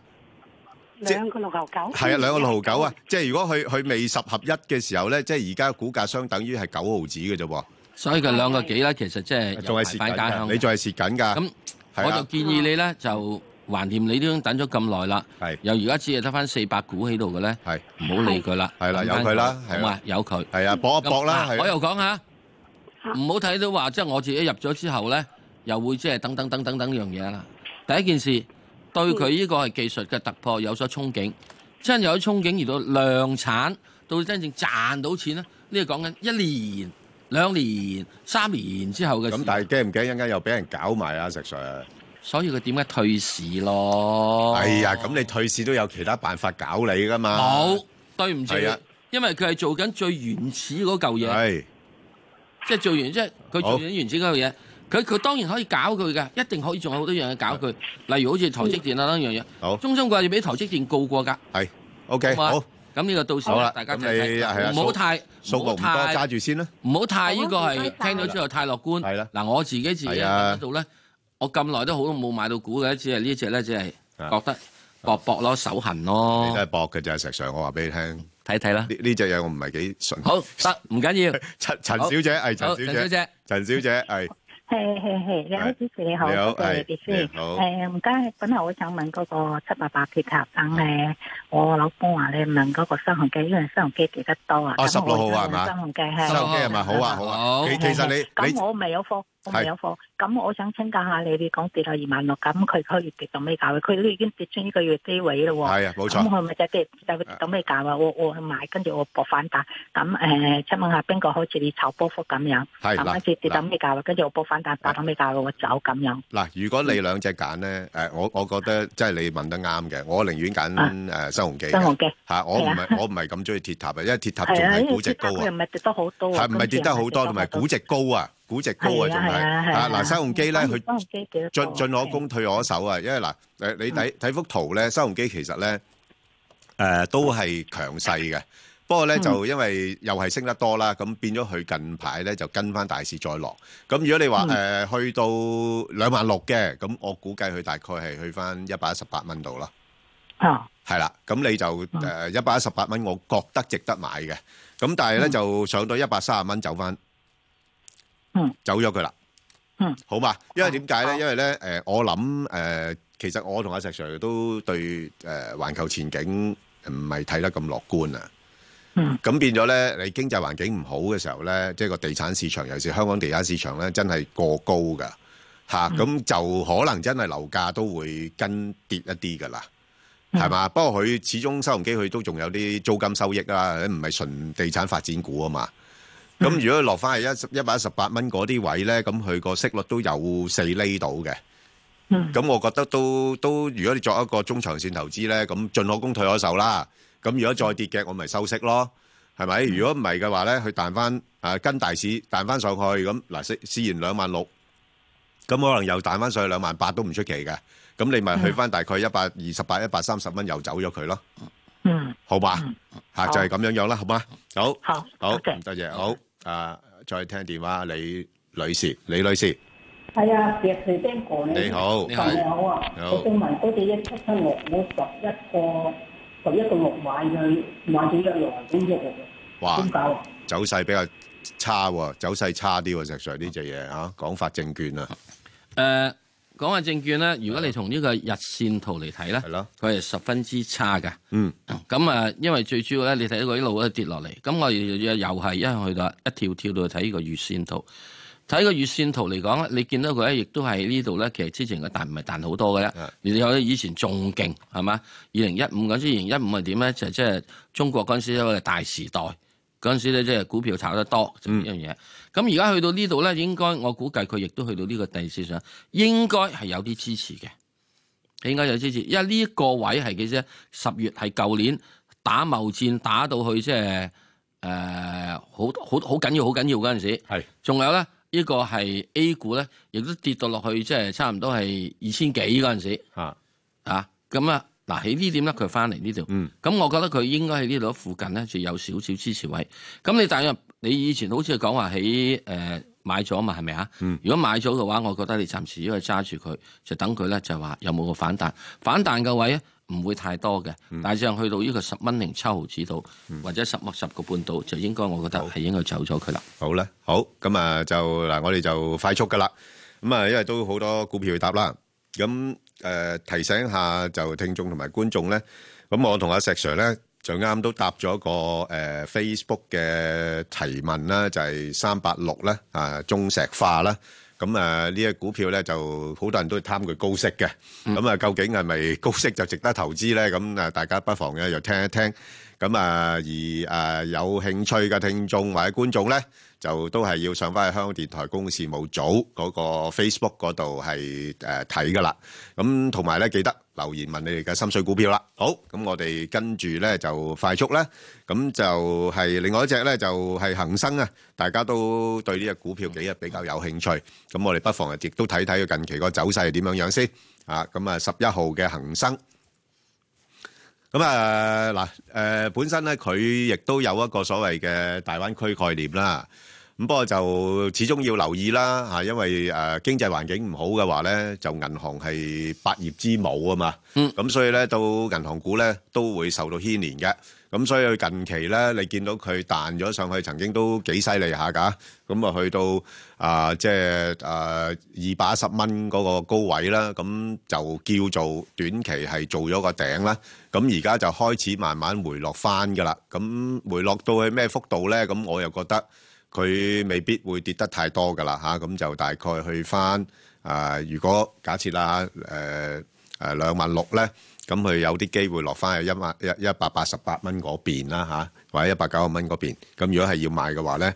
兩個六毫九係啊，兩個六毫九啊，即係如果佢佢未十合一嘅時候咧，即係而家股價相等於係九毫子嘅啫噃。所以佢兩個幾咧，其實即係仲係蝕緊，你仲係蝕緊㗎。我就建議你咧，就橫掂你都等咗咁耐啦。係，又而家只係得翻四百股喺度嘅咧。係，唔好理佢啦。係啦，由佢啦，係啊，由佢。係啊，搏一搏啦。我又講下，唔好睇到話，即係我自己入咗之後咧，又會即係等等等等等等呢樣嘢啦。第一件事，對佢呢個係技術嘅突破有所憧憬，真係有啲憧憬，而到量產，到真正賺到錢咧，呢個講緊一年。兩年、三年之後嘅咁，但係驚唔驚？一陣間又俾人搞埋啊！石 Sir，所以佢點解退市咯？哎呀，咁你退市都有其他辦法搞你噶嘛？冇，對唔住，因為佢係做緊最原始嗰嚿嘢，即係、就是、做完即係佢做緊原始嗰嚿嘢，佢佢當然可以搞佢噶，一定可以仲有好多樣嘢搞佢，例如好似台積電啊，呢樣嘢，好，中心掛要俾台積電告過噶，係，OK，好。咁呢個到時，好大家睇就唔好太數目唔多揸住先啦。唔好太呢個係聽咗之後太樂觀。係啦，嗱我自己自己喺度咧，我咁耐都好都冇買到股嘅，只係呢隻咧只係覺得搏搏咯，手痕咯。你都係搏嘅就係石 Sir，睇睇我話俾你聽。睇睇啦，呢隻嘢我唔係幾順。好得，唔緊要。 陳陳小姐係陳，陳小姐，陳小姐係。 係係係你好，主持你好，多謝，謝、嗯、你先。誒，唔該，本來我想問嗰個七八八鐵塔等咧，我老公話咧問嗰個新鴻基，因為新鴻基幾得多啊？啊，十、哦、六號啊，係嘛？新鴻基係，係嘛？好啊，好啊。你、啊啊、其實你，咁我咪有貨。我未有貨，咁我想請教下你，你講跌到二萬六，咁佢嗰個月跌到咩價位？佢都已經跌穿呢個月低位咯。係啊，冇錯。咁我咪就跌跌到咩價位，我我買，跟住我搏反彈。咁誒，請問下邊個好似你炒波幅咁樣？係啦，跌跌到咩價位，跟住我搏反彈，打到咩價位我走咁樣。嗱，如果你兩隻揀咧，誒，我我覺得即係你問得啱嘅，我寧願揀誒新鴻基。新鴻基。吓，我唔係我唔係咁中意鐵塔啊，因為鐵塔仲係估值高啊。係啊，因為鐵塔佢唔係跌得好多。係唔係跌得好多，同埋估值高啊？估值高啊，仲係啊嗱，新鴻基咧，佢進進可攻退可守啊，因為嗱，你睇睇幅圖咧，新鴻基其實咧，誒都係強勢嘅，不過咧就因為又係升得多啦，咁變咗佢近排咧就跟翻大市再落，咁如果你話誒去到兩萬六嘅，咁我估計佢大概係去翻一百一十八蚊度啦，啊，係啦，咁你就誒一百一十八蚊，我覺得值得買嘅，咁但係咧就上到一百三十蚊走翻。走咗佢啦。嗯，好嘛？因為點解咧？因為咧，誒、呃，我諗誒、呃，其實我同阿石 Sir 都對誒、呃、環球前景唔係睇得咁樂觀啊。嗯。咁變咗咧，你經濟環境唔好嘅時候咧，即係個地產市場，尤其是香港地產市場咧，真係過高噶吓，咁、嗯啊、就可能真係樓價都會跟跌一啲噶啦，係、嗯、嘛？不過佢始終收容機，佢都仲有啲租金收益啦，唔係純地產發展股啊嘛。咁如果落翻係一一百一十八蚊嗰啲位咧，咁佢個息率都有四厘到嘅。咁我覺得都都，如果你作一個中長線投資咧，咁進可攻退可守啦。咁如果再跌嘅，我咪收息咯，係咪？如果唔係嘅話咧，佢彈翻啊跟大市彈翻上去，咁嗱，試試完兩萬六，咁可能又彈翻上去兩萬八都唔出奇嘅。咁你咪去翻大概一百二十八、一百三十蚊又走咗佢咯。嗯，好吧，吓就係咁樣樣啦，好嘛？好，好，好，唔多謝，好。啊、uh,！再聽電話，李女士，李女士，係啊、那個，你好，你好啊，好啊。好，正文都隻一七七六，我十一個，十一個六買嘅，買咗一六萬公股啊，都夠。走勢比較差喎，走勢差啲喎，石 Sir 呢隻嘢啊，廣發證券啊，誒、uh,。講下證券咧，如果你從呢個日線圖嚟睇咧，佢係十分之差嘅。嗯，咁啊，因為最主要咧，你睇到佢一路都跌落嚟。咁我又又係一路去到一跳跳到去睇呢個月線圖。睇個月線圖嚟講咧，你見到佢咧，亦都係呢度咧。其實之前嘅彈唔係彈好多嘅，你而且以前仲勁係嘛？二零一五嗰時，二零一五係點咧？就即係中國嗰陣時一個大時代。嗰陣時咧，即係股票炒得多，就呢樣嘢。嗯咁而家去到呢度咧，應該我估計佢亦都去到呢個地市上，應該係有啲支持嘅，應該有支持，因為呢個位係幾啫？十月係舊年打貿戰打到去即係誒好好好緊要好緊要嗰陣時，係。仲有咧，呢個係 A 股咧，亦都跌到落去，即係差唔多係二千幾嗰陣時，嚇。咁啊，嗱喺呢點咧，佢翻嚟呢度，嗯，咁我覺得佢應該喺呢度附近咧，就有少少支持位。咁你大約。你以前好似係講話喺誒買咗嘛，係咪啊？如果買咗嘅話，我覺得你暫時因為揸住佢，就等佢啦。就係話有冇個反彈？反彈嘅位唔會太多嘅。大、嗯、上去到呢個十蚊零七毫子度、嗯，或者十或十個半度，就應該我覺得係應該走咗佢啦。好啦，好咁啊，就嗱，我哋就快速噶啦。咁啊，因為都好多股票答啦。咁誒、呃、提醒下就聽眾同埋觀眾咧。咁我同阿石 Sir 咧。就啱都答咗個誒 Facebook 嘅提問啦，就係三八六咧，啊中石化啦，咁啊呢隻股票咧就好多人都係貪佢高息嘅，咁啊究竟係咪高息就值得投資咧？咁啊大家不妨嘅又聽一聽，咁啊而誒有興趣嘅聽眾或者觀眾咧。就都係要上翻去香港電台公共事務組嗰個 Facebook 嗰度係誒睇噶啦，咁同埋咧記得留言問你哋嘅心水股票啦。好，咁我哋跟住咧就快速咧，咁就係另外一隻咧就係恒生啊，大家都對呢隻股票幾日比較有興趣，咁我哋不妨亦都睇睇佢近期個走勢係點樣樣先啊。咁啊十一號嘅恒生，咁啊嗱誒本身咧佢亦都有一個所謂嘅大灣區概念啦。咁不過就始終要留意啦嚇，因為誒經濟環境唔好嘅話咧，就銀行係百業之母啊嘛，嗯，咁所以咧到銀行股咧都會受到牽連嘅。咁所以近期咧，你見到佢彈咗上去，曾經都幾犀利下㗎。咁啊去到啊即係啊二百一十蚊嗰個高位啦，咁就叫做短期係做咗個頂啦。咁而家就開始慢慢回落翻㗎啦。咁回落到去咩幅度咧？咁我又覺得。佢未必會跌得太多噶啦嚇，咁就大概去翻、啊、如果假設啦，兩、啊啊啊、萬六咧，咁佢有啲機會落翻去一一一百八十八蚊嗰邊啦嚇、啊，或者一百九十蚊嗰邊。咁如果係要買嘅話咧。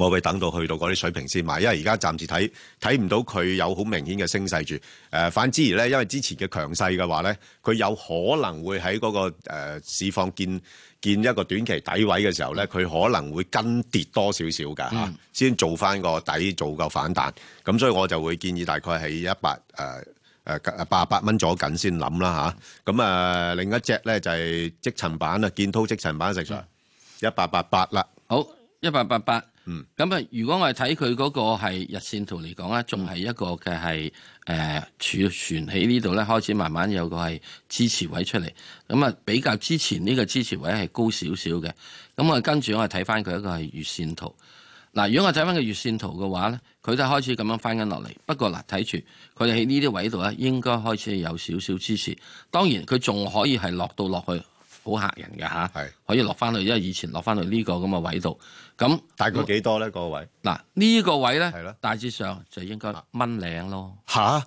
可唔可以等到去到嗰啲水平先買，因為而家暫時睇睇唔到佢有好明顯嘅升勢住。誒、呃，反之而咧，因為之前嘅強勢嘅話咧，佢有可能會喺嗰、那個、呃、市況見見一個短期底位嘅時候咧，佢可能會跟跌多少少㗎嚇，先、嗯、做翻個底，做夠反彈。咁所以我就會建議大概係一百誒誒八百蚊左近先諗啦吓，咁啊、呃，另一隻咧就係積層板啊，建滔積層板食場，一八八八啦，好一八八八。嗯，咁啊，如果我哋睇佢嗰個係日線圖嚟講咧，仲係一個嘅係誒儲存喺呢度咧，呃、開始慢慢有個係支持位出嚟。咁啊，比較之前呢個支持位係高少少嘅。咁啊，跟住我哋睇翻佢一個係月線圖。嗱，如果我睇翻個月線圖嘅話咧，佢都開始咁樣翻緊落嚟。不過嗱，睇住佢哋喺呢啲位度咧，應該開始有少少支持。當然，佢仲可以係落到落去。好吓人嘅吓，可以落翻去，因為以前落翻去呢個咁嘅位度，咁大概幾多咧？個位嗱呢、呢個位咧，係、咯、大致上就應該蚊領咯吓，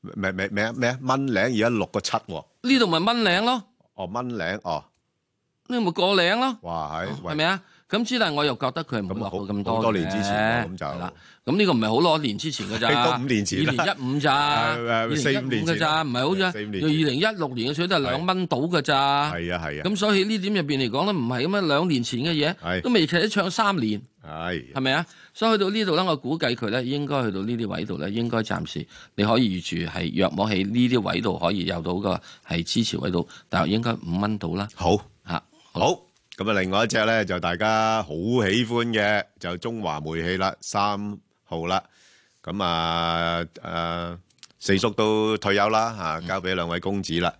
咩咪咪啊咪啊蚊領而家六個七，呢度咪蚊領咯，哦蚊領哦，你咪過領咯，哇係，係咪啊？咁之，但我又覺得佢唔會落咁多咁好，好，多，年好多年之前咯，咁就啦。咁呢個唔係好多年之前嘅咋？最多五年前，二零一五咋？誒四五年咋？唔係好似啊？二零一六年嘅水都係兩蚊到嘅咋？係啊係啊。咁所以呢點入邊嚟講咧，唔係咁啊，兩年前嘅嘢都未睇得長三年。係係咪啊？所以去到呢度咧，我估計佢咧應該去到呢啲位度咧，應該暫時你可以預住係若果喺呢啲位度可以有到嘅係支持位度，但係應該五蚊到啦。好嚇、啊、好。好咁啊，另外一隻咧就大家好喜歡嘅，就中華煤氣啦，三號啦。咁啊，誒，四叔都退休啦，吓，交俾兩位公子啦。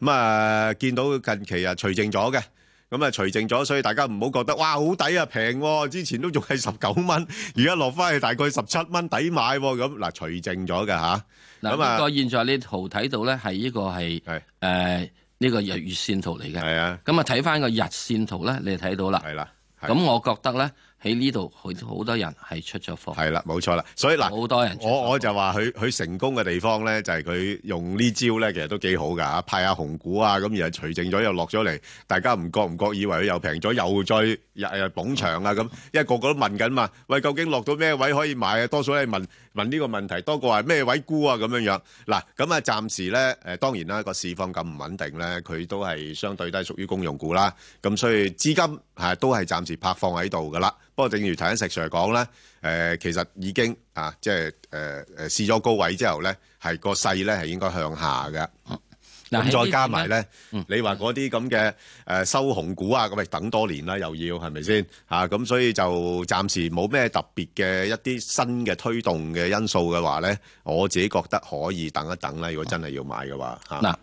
咁啊，見到近期啊除淨咗嘅。咁啊除淨咗，所以大家唔好覺得哇好抵啊平，之前都仲係十九蚊，而家落翻去大概十七蚊抵買，咁嗱除淨咗嘅吓。嗱，咁啊，現在呢圖睇到咧係呢個係誒。呢、這個日月線圖嚟嘅，咁啊睇翻個日線圖咧，你睇到啦。咁、啊啊、我覺得咧，喺呢度佢好多人係出咗貨。係啦、啊，冇錯啦。所以嗱，好多人，我我就話佢佢成功嘅地方咧，就係、是、佢用這招呢招咧，其實都幾好㗎嚇，派下紅股啊，咁而係除淨咗又落咗嚟，大家唔覺唔覺以為佢又平咗，又再又，又捧場啊咁，因為個個都問緊嘛，喂，究竟落到咩位可以買啊？多數都係問。問呢個問題多過係咩位估啊咁樣樣嗱，咁啊暫時咧、呃、當然啦個市況咁唔穩定咧，佢都係相對都係屬於公用股啦，咁、啊、所以資金、啊、都係暫時拍放喺度噶啦。不過正如頭先石 Sir 講咧、呃，其實已經啊即係誒誒試咗高位之後咧，係個勢咧係應該向下嘅。嗯咁再加埋咧，你話嗰啲咁嘅誒收紅股啊，咁咪等多年啦，又要係咪先？吓咁、啊、所以就暫時冇咩特別嘅一啲新嘅推動嘅因素嘅話咧，我自己覺得可以等一等啦。如果真係要買嘅話，吓嗱，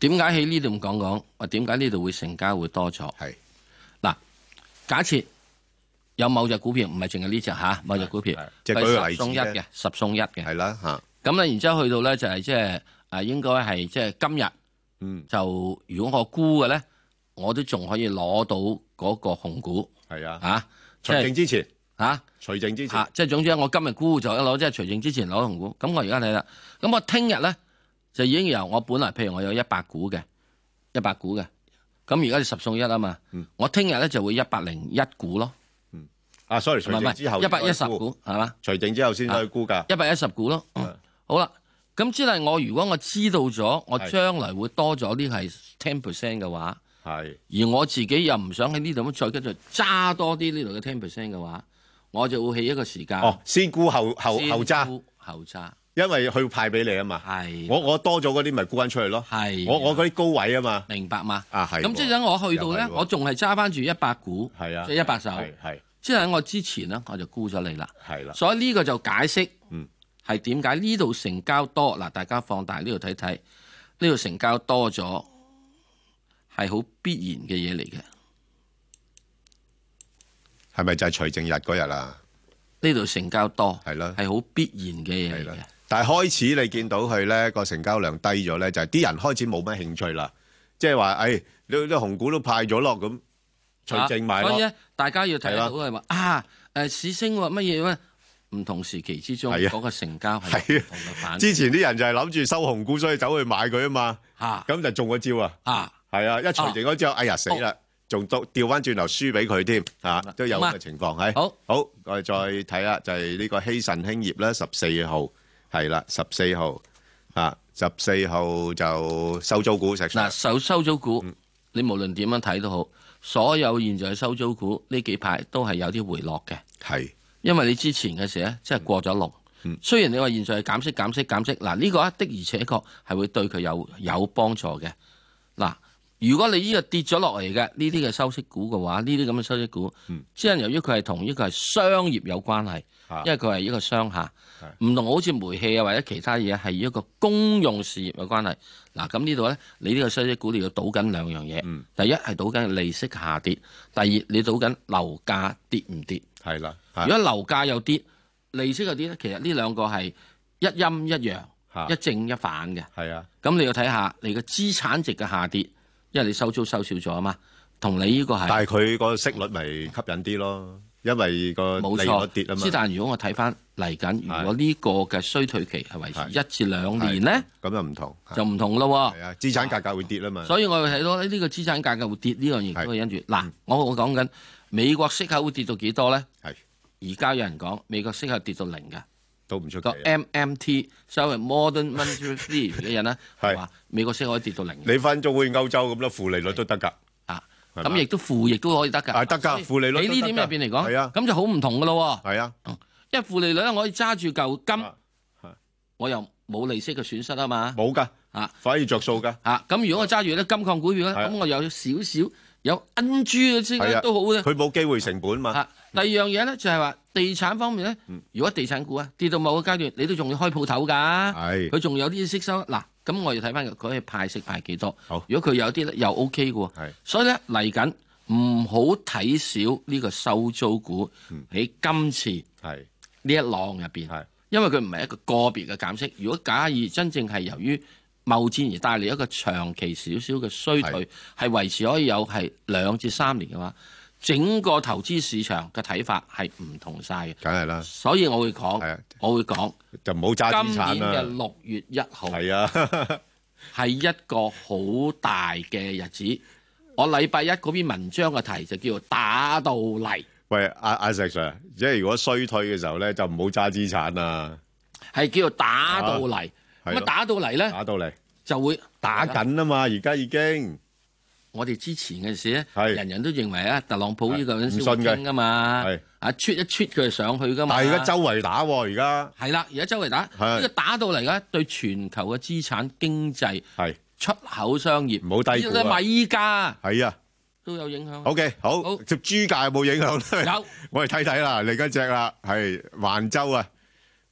點解喺呢度講講？話點解呢度會成交會多咗？係嗱、啊，假設有某隻股票唔係淨係呢隻吓，某隻股票，即係十送一嘅，十送一嘅，係啦吓。咁咧，啊、然之後去到咧就係即係誒，應該係即係今日。嗯，就如果我沽嘅咧，我都仲可以攞到嗰個紅股。係啊，啊，除淨之前啊，除淨之前，即、啊、係、啊就是、總之我今日沽就一攞，即係除淨之前攞紅股。咁我而家睇啦。咁我聽日咧就已經由我本來譬如我有一百股嘅，一百股嘅，咁而家十送一啊嘛。嗯、我聽日咧就會一百零一股咯。嗯、啊，啊，sorry，除淨之後一百一十股係嘛？除淨之後先可以沽噶？一百一十股咯。嗯、好啦。咁即係我如果我知道咗，我將來會多咗啲係 ten percent 嘅話，而我自己又唔想喺呢度咁再跟住揸多啲呢度嘅 ten percent 嘅話，我就會起一個時間 herbs。哦，先沽後後後揸，後揸，因為佢派俾你啊嘛。係，我多我多咗嗰啲咪沽翻出去咯。係，我我嗰啲高位啊嘛。明白嘛？啊，係。咁即係等我去到咧，我仲係揸翻住一百股，即係一百手。即係喺我之前咧，我就沽咗你啦。係啦。所以呢個就解釋。嗯。係點解呢度成交多？嗱，大家放大呢度睇睇，呢度成交多咗，係好必然嘅嘢嚟嘅。係咪就係除淨日嗰日啊？呢度成交多，係咯，係好必然嘅嘢嚟嘅。但係開始你見到佢咧，個成交量低咗咧，就係、是、啲人開始冇咩興趣啦。即係話，誒、哎，你啲紅股都派咗咯，咁除淨買、啊、所以大家要睇到係話啊，誒、呃、市升乜嘢喎？唔同時期之中，嗰個成交係同反。之前啲人就係諗住收紅股，所以走去買佢啊嘛。吓，咁就中咗招啊。吓，係啊，一除淨咗之後，哎呀死啦，仲到調翻轉頭輸俾佢添。吓，都有咁嘅情況。係好，好，我哋再睇下就係呢個希慎興業啦，十四號係啦，十四號啊，十四號就收租股食。嗱，收收租股，你無論點樣睇都好，所有現在收租股呢幾排都係有啲回落嘅。係。因為你之前嘅事咧，即係過咗龍、嗯。雖然你話現在係減息、減息、減息，嗱呢、呢個啊的而且確係會對佢有有幫助嘅。嗱，如果你呢個跌咗落嚟嘅呢啲嘅收息股嘅話，呢啲咁嘅收息股，即、嗯、係由於佢係同呢個係商業有關係，因為佢係一個商下，唔同好似煤氣啊或者其他嘢係一個公用事業嘅關係。嗱，咁呢度咧，你呢個收息股你要賭緊兩樣嘢、嗯，第一係賭緊利息下跌，第二你賭緊樓價跌唔跌。係啦，如果樓價又跌，利息又跌，咧，其實呢兩個係一陰一陽，一正一反嘅。係啊，咁你要睇下你個資產值嘅下跌，因為你收租收少咗啊嘛，同你呢個係。但係佢個息率咪吸引啲咯，因為個利率跌啊嘛。是但，如果我睇翻嚟緊，如果呢個嘅衰退期係維持一至兩年咧，咁又唔同，就唔同咯。係啊，資產價格會跌啊嘛。所以我要睇到呢個資產價格會跌呢樣嘢，因為因住嗱，我我講緊。美國息口會跌到幾多咧？係而家有人講美國息口跌到零嘅，都唔錯。個 MMT 所謂 Modern Monetary Theory 嘅人咧，係話美國息口可以跌到零。你返咗會歐洲咁啦，負利率都得㗎。啊，咁亦都負，亦都可以得㗎。係得㗎，負利率喺呢點入邊嚟講？係啊，咁就好唔同㗎咯。係啊，因為負利率咧，我可以揸住嚿金、啊啊，我又冇利息嘅損失啊嘛。冇㗎，嚇、啊、反而着數㗎。嚇、啊、咁、啊、如果我揸住咧金礦股票咧，咁、啊、我有少少。有 N G 嘅資格都好咧，佢冇機會成本嘛。啊、第二樣嘢咧就係話地產方面咧，如果地產股啊跌到某個階段，你都仲要開鋪頭㗎，佢仲有啲息收。嗱，咁我要睇翻佢佢係派息派幾多好。如果佢有啲咧又 O K 嘅喎，所以咧嚟緊唔好睇少呢個收租股喺今次呢一浪入邊，因為佢唔係一個個別嘅減息。如果假如真正係由於貿戰而帶嚟一個長期少少嘅衰退，係維持可以有係兩至三年嘅話，整個投資市場嘅睇法係唔同晒嘅。梗係啦，所以我會講，我會講就唔好揸資產啦。今年嘅六月一號係啊，係一個好大嘅日子。 我禮拜一嗰篇文章嘅題就叫做打到嚟。喂，阿阿石 Sir，即係如果衰退嘅時候咧，就唔好揸資產啦。係叫做打到嚟。啊。咁打到嚟咧，打到嚟就會打緊啊嘛！而家已經，我哋之前嘅事咧，人人都認為啊，特朗普呢個咁燒燬嘅嘛，啊出一出佢就上去噶嘛。但係而家周圍打喎、啊，而家係啦，而家周圍打，呢個打到嚟咧，對全球嘅資產經濟係出口商業唔好低估啊！埋依家係啊，都有影響、啊。OK，好，即係豬價有冇影響？有， 我哋睇睇啦，你嗰隻啦，係環州啊，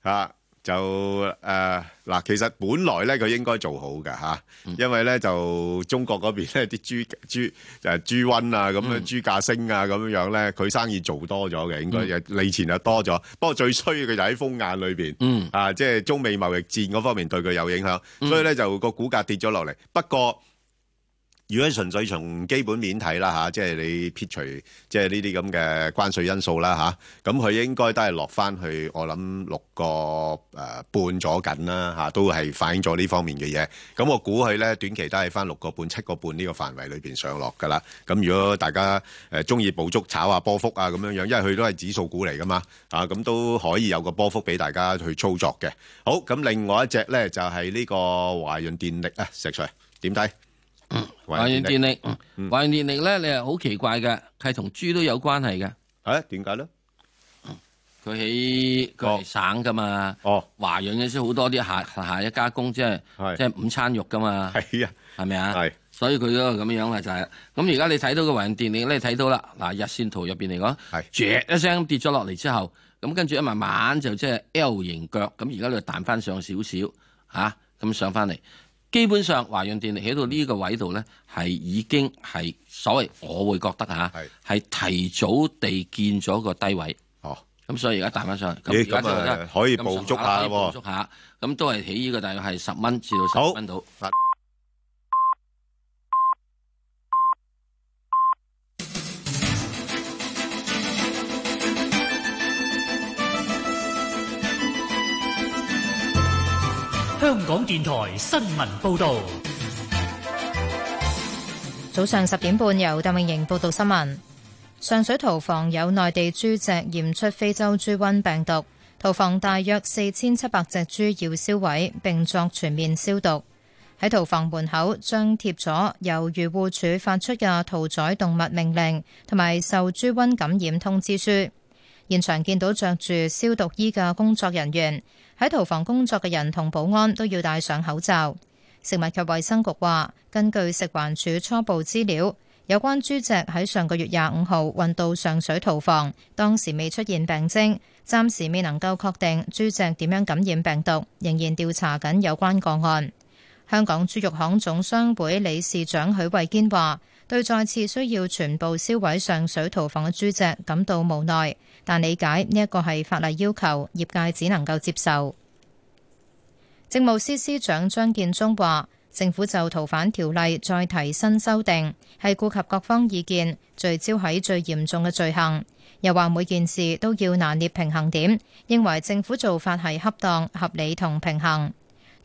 啊！就誒嗱、呃，其實本來咧佢應該做好嘅㗎，因為咧就中國嗰邊咧啲豬豬誒豬瘟啊，咁樣豬價升啊，咁樣樣咧佢生意做多咗嘅，應該利錢、嗯、又多咗就多咗。不過最衰嘅就喺風眼裏邊、嗯，啊，即、就、係、是、中美貿易戰嗰方面對佢有影響，所以咧就個股價跌咗落嚟。不過，如果純粹從基本面睇啦，嚇，即係你撇除即係呢啲咁嘅關稅因素啦，嚇，咁佢應該都係落翻去，我諗六個誒半咗緊啦，嚇，都係反映咗呢方面嘅嘢。咁我估佢咧短期都喺翻六個半、七個半呢個範圍裏邊上落噶啦。咁如果大家誒中意捕捉炒下波幅啊，咁樣樣，因為佢都係指數股嚟噶嘛，啊，咁都可以有個波幅俾大家去操作嘅。好，咁另外一隻咧就係呢個華潤電力啊，石翠點睇？華、嗯、潤電力，華潤電力咧，你係好奇怪嘅，係同豬都有關係嘅。啊、欸，點解咧？佢喺佢省噶嘛？哦，華潤嘅先好多啲下下一加工、就是，即係即係午餐肉噶嘛。係啊，係咪啊？係，所以佢嗰個咁樣嘅就係、是。咁而家你睇到個華潤電力咧，睇到啦。嗱，日線圖入邊嚟講，係一聲跌咗落嚟之後，咁跟住一慢慢就即係 L 型腳。咁而家你就彈翻上少少，吓、啊、咁上翻嚟。基本上華潤電力喺到呢個位度咧，係已經係所謂我會覺得吓係提早地見咗個低位哦。咁所以而家彈翻上去，而家就係、嗯、可以捕捉一下咯喎，捕捉下咁都係起呢個大約係十蚊至到十蚊到。港電台新聞報道：早上十點半，由鄧永瑩報道新聞。上水屠房有內地豬隻驗出非洲豬瘟病毒，屠房大約四千七百隻豬要銷毀，並作全面消毒。喺屠房門口張貼咗由漁護署發出嘅屠宰動物命令同埋受豬瘟感染通知書。現場見到着住消毒衣嘅工作人員。喺屠房工作嘅人同保安都要戴上口罩。食物及衛生局話，根據食環署初步資料，有關豬隻喺上個月廿五號運到上水屠房，當時未出現病徵，暫時未能夠確定豬隻點樣感染病毒，仍然調查緊有關個案。香港豬肉行總商會理事長許衛堅話。對再次需要全部銷毀上水屠房嘅豬隻感到無奈，但理解呢一個係法例要求，業界只能夠接受。政務司司長張建宗話，政府就逃犯條例再提新修訂，係顧及各方意見，聚焦喺最嚴重嘅罪行。又話每件事都要拿捏平衡點，認為政府做法係恰當、合理同平衡。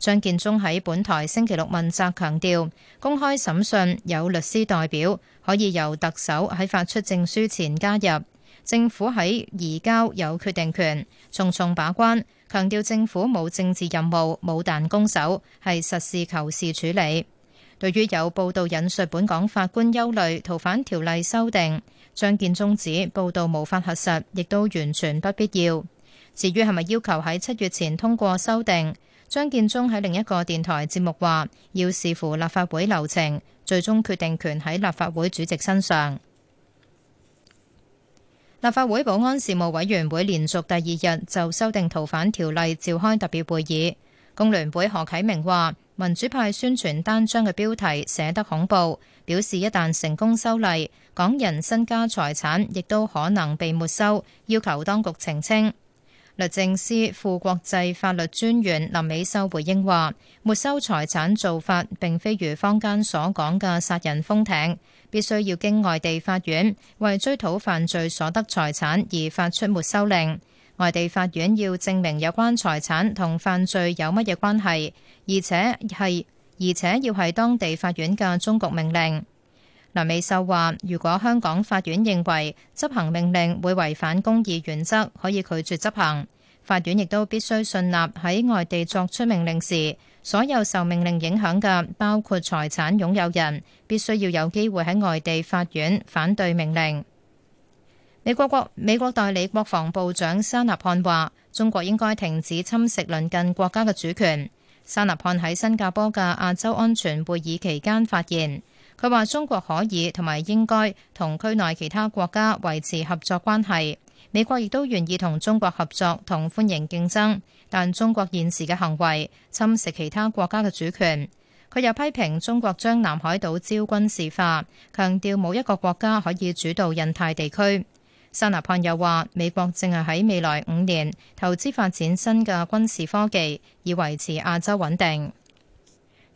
張張建宗喺本台星期六問責，強調公開審訊有律師代表，可以由特首喺發出證書前加入。政府喺移交有決定權，重重把關，強調政府冇政治任務，冇彈弓手，係實事求是處理。對於有報道引述本港法官憂慮逃犯條例修訂，張張建宗指報道無法核實，亦都完全不必要。至於係咪要求喺七月前通過修訂？張建宗喺另一個電台節目話，要視乎立法會流程，最終決定權喺立法會主席身上。立法會保安事務委員會連續第二日就修訂逃犯條例召開特別會議。工聯會何啟明話，民主派宣傳單張嘅標題寫得恐怖，表示一旦成功修例，港人身家財產亦都可能被沒收，要求當局澄清。律政司副國際法律專員林美秀回應話：沒收財產做法並非如坊間所講嘅殺人封艇，必須要經外地法院為追討犯罪所得財產而發出沒收令。外地法院要證明有關財產同犯罪有乜嘢關係，而且係而且要係當地法院嘅終局命令。林美秀話，如果香港法院認為執行命令會違反公義原則，可以拒絕執行。法院亦都必須信納喺外地作出命令時，所有受命令影響嘅，包括財產擁有人，必須要有機會喺外地法院反對命令。美國國美國代理國防部長沙納漢話，中國應該停止侵蝕鄰近國家嘅主權。沙納漢喺新加坡嘅亞洲安全會議期間發言。佢話中國可以同埋應該同區內其他國家維持合作關係，美國亦都願意同中國合作同歡迎競爭，但中國現時嘅行為侵蝕其他國家嘅主權。佢又批評中國將南海島礁軍事化，強調冇一個國家可以主導印太地區。沙納漢又話美國正係喺未來五年投資發展新嘅軍事科技，以維持亞洲穩定。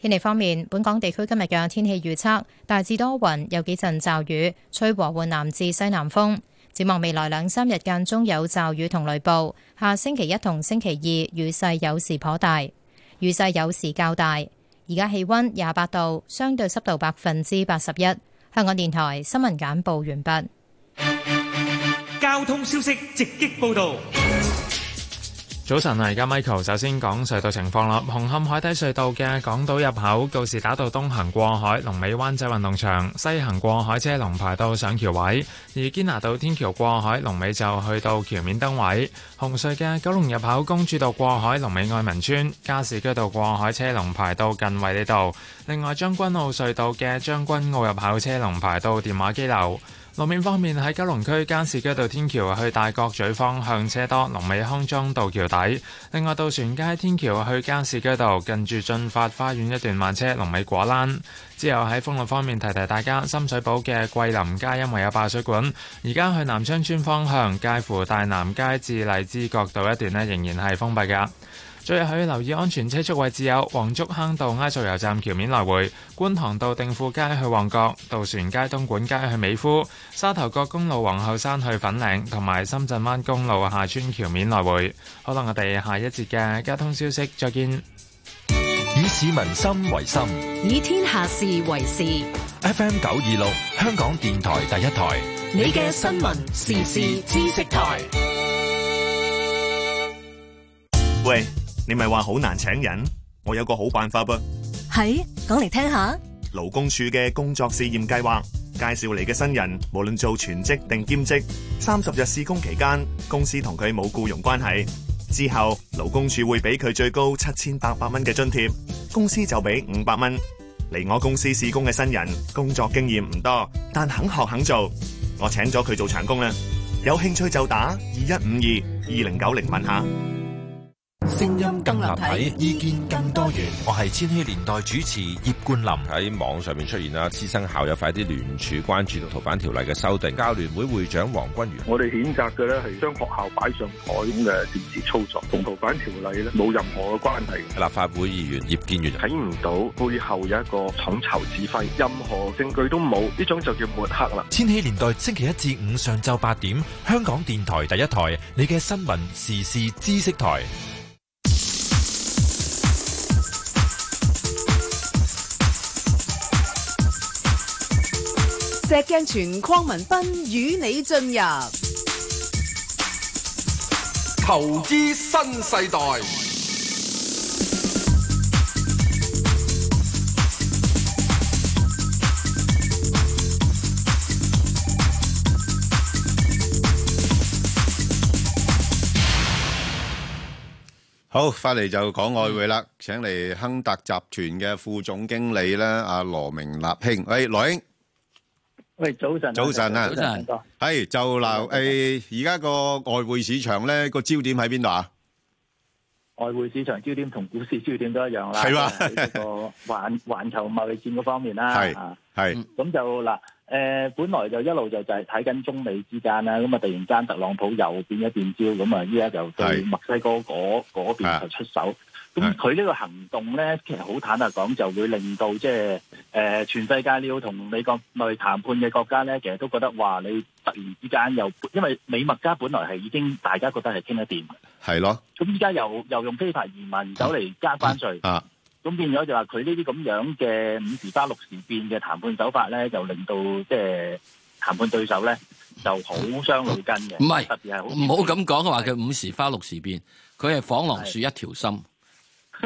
天氣方面，本港地區今日嘅天氣預測大致多雲，有幾陣驟雨，吹和緩南至西南風。展望未來兩三日間中有驟雨同雷暴，下星期一同星期二雨勢有時頗大，雨勢有時較大。而家氣温廿八度，相對濕度百分之八十一。香港電台新聞簡報完畢。交通消息直擊報道。早晨啊，而家 Michael 首先講隧道情況啦。紅磡海底隧道嘅港島入口，告士打道東行過海，龍尾灣仔運動場；西行過海車龍排到上橋位。而堅拿道天橋過海龍尾就去到橋面燈位。紅隧嘅九龍入口公主道過海龍尾愛民村，加士居道過海車龍排到近衛理道呢度。另外將軍澳隧道嘅將軍澳入口車龍排到電話機樓。路面方面喺九龍區界限街道天橋去大角咀方向車多，龍尾康莊道橋底。另外，渡船街天橋去界限街道，近住駿發花園一段慢車，龍尾果欄。之後喺封路方面提提大家，深水埗嘅桂林街因為有爆水管，而家去南昌村方向介乎大南街至荔枝角道一段呢，仍然係封閉噶。最後要留意安全車速位置，有黃竹坑道埃索油站橋面來回、觀塘道定富街去旺角、渡船街東莞街去美孚、沙頭角公路皇后山去粉嶺，同埋深圳灣公路下村橋面來回。好啦，我哋下一節嘅交通消息再見。以市民心為心，嗯、以天下事為事。F M 九二六，香港電台第一台，你嘅新聞時事知識台。喂。你咪話好難請人，我有個好辦法噃。係，講嚟聽下，勞工處嘅工作試驗計劃介紹嚟嘅新人，無論做全職定兼職，三十日試工期間，公司同佢冇雇傭關係。之後勞工處會俾佢最高七千八百蚊嘅津貼，公司就俾五百蚊。嚟我公司試工嘅新人，工作經驗唔多，但肯學肯做，我請咗佢做長工啦。有興趣就打二一五二二零九零問下。聲音更立體，更立體，意見更多元。我係千禧年代主持葉冠霖。喺、嗯、網上面出現啦，師生校友快啲聯署關注逃犯條例嘅修訂。教聯會會長黃君如，我哋譴責嘅呢係將學校擺上台咁嘅電視操作，同逃犯條例呢冇任何嘅關係。立法會議員葉建源，睇唔到背後有一個統籌指揮，任何證據都冇，呢種就叫抹黑啦。千禧年代星期一至五上晝八點，香港電台第一台，你嘅新聞時事知識台。石鏡泉鄺民彬，與你進入投資新世代。好，翻嚟就講外匯啦，請嚟亨達集團嘅副總經理啦，阿羅明立興，喂，羅英。喂，早晨，早晨啊，早晨，多係就嗱，誒，而家個外匯市場咧個焦點喺邊度啊？外匯市場焦點同股市焦點都一樣啦，係嘛，個環環球貿易戰嗰方面啦，係係，咁就嗱，誒，本來就一路就就係睇緊中美之間啦，咁啊突然間特朗普又變咗變招，咁啊依家就對墨西哥嗰嗰邊就出手。咁佢呢個行動咧，其實好坦白講，就會令到即係誒全世界要同美國嚟談判嘅國家咧，其實都覺得話你突然之間又因為美墨加本來係已經大家覺得係傾得掂，係咯。咁依家又又用非法移民走嚟加關稅，啊！咁變咗就話佢呢啲咁樣嘅五時花六時變嘅談判手法咧，就令到即係談判對手咧就好傷腦筋嘅。唔係，特別係唔好咁講話佢五時花六時變，佢係房龍樹一條心。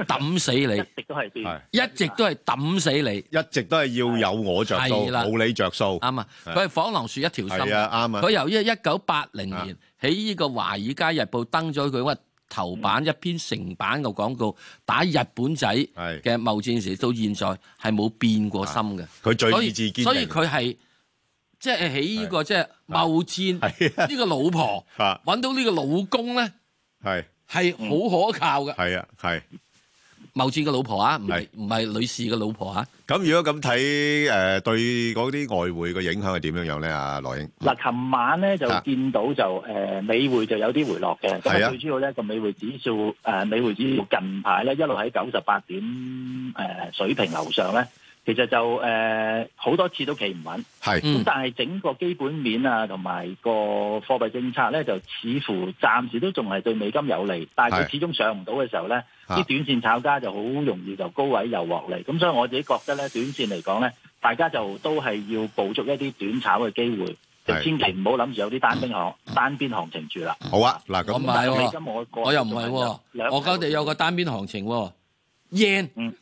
抌死你，一直都係，一直都係抌死你，一直都係要有我著數，冇你著數。啱啊，佢係房龍樹一條心。係啊，啱啊。佢由於一九八零年喺呢個華爾街日報登咗佢屈頭版一篇成版嘅廣告，打日本仔嘅貿戰時，到現在係冇變過心嘅。佢最意志堅定。所以佢係即係喺呢個即係貿戰呢個老婆揾到呢個老公咧，係係好可靠嘅。係啊，係。某子嘅老婆啊，唔係唔係女士嘅老婆啊。咁如果咁睇，誒對嗰啲外匯嘅影響係點樣樣咧？啊，羅英。嗱，琴晚咧就見到就誒美匯就有啲回落嘅，咁最主要咧個美匯指數誒美匯指數近排咧一路喺九十八點誒水平樓上咧。其實就誒好、呃、多次都企唔穩，係咁、嗯、但係整個基本面啊同埋個貨幣政策咧就似乎暫時都仲係對美金有利，但係佢始終上唔到嘅時候咧，啲短線炒家就好容易就高位又獲利，咁所以我自己覺得咧，短線嚟講咧，大家就都係要捕捉一啲短炒嘅機會，就千祈唔好諗住有啲單邊行單邊行情住啦。好啊，嗱咁，嗱美金我、啊、我，我又唔係喎，我哋有個單邊行情喎、哦、，yen、嗯。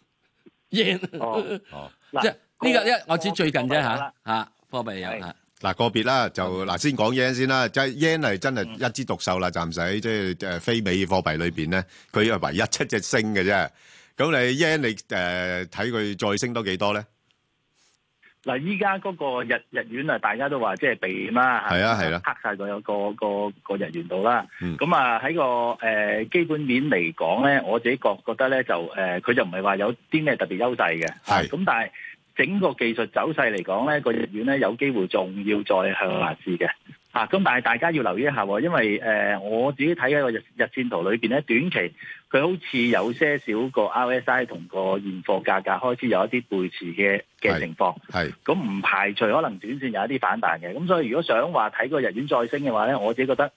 yen 哦，嗱，即係呢個一，我知最近啫吓吓，貨幣有啊，嗱個別啦，就嗱先講 yen 先啦，即係 yen 係真係一枝獨秀啦，暫時即係誒非美貨幣裏邊咧，佢係唯一七隻升嘅啫，咁你 yen 你誒睇佢再升多幾多咧？嗱，依家嗰個日日元啊，大家都話即係避險啦，係啊，係啊，黑曬個個個個日元度啦。咁啊，喺個誒基本面嚟講咧，我自己覺覺得咧就誒，佢就唔係話有啲咩特別優勢嘅。係，咁但係整個技術走勢嚟講咧，個日元咧有機會仲要再向下試嘅。嚇，咁但係大家要留意一下，因為誒我自己睇嘅個日日線圖裏邊咧，短期。佢好似有些少個 RSI 同個現貨價格開始有一啲背馳嘅嘅情況，係咁唔排除可能短線有一啲反彈嘅。咁所以如果想話睇個日元再升嘅話咧，我自己覺得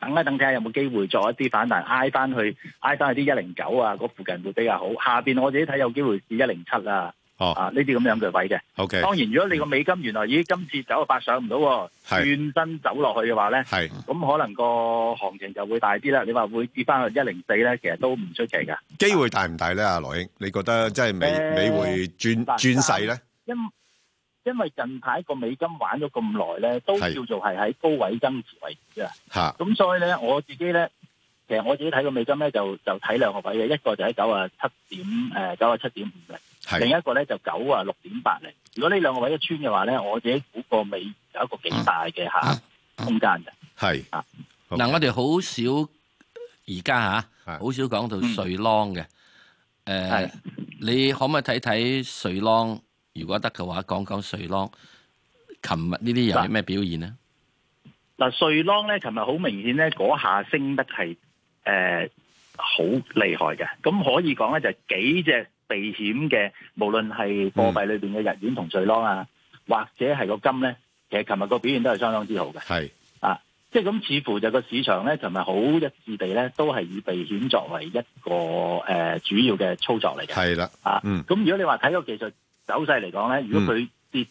等一等睇下有冇機會作一啲反彈，挨翻去挨翻去啲一零九啊嗰附近會比較好。下邊我自己睇有機會至一零七啊。哦，啊，呢啲咁樣嘅位嘅，OK。當然，如果你個美金原來，咦，今次九啊，八上唔到，轉身走落去嘅話咧，係，咁可能個行情就會大啲啦。你話會跌翻去一零四咧，其實都唔出奇嘅。機會大唔大咧，阿羅英，你覺得即係美美匯轉轉勢咧？因因為近排個美金玩咗咁耐咧，都叫做係喺高位增持為止啊。吓，咁所以咧，我自己咧，其實我自己睇個美金咧，就就睇兩個位嘅，一個就喺九啊七點，誒，九啊七點五零。另一個咧就九啊六點八，如果呢兩個位一穿嘅話咧，我自己估個尾有一個幾大嘅吓空間嘅。係啊，嗱、啊啊啊 okay. 啊、我哋好少而家吓，好少講到瑞浪嘅。誒、嗯呃，你可唔可以睇睇瑞浪？如果得嘅話，講講瑞浪。琴日呢啲又係咩表現咧？嗱、啊啊，瑞浪咧，琴日好明顯咧，嗰下升得係誒好厲害嘅。咁可以講咧，就是、幾隻。避險嘅，無論係貨幣裏面嘅日元同瑞郎啊、嗯，或者係個金咧，其實琴日個表現都係相當之好嘅。係啊，即係咁，似乎就個市場咧，琴日好一致地咧，都係以避險作為一個誒、呃、主要嘅操作嚟嘅。係啦、嗯，啊，咁如果你話睇個技術走勢嚟講咧，如果佢跌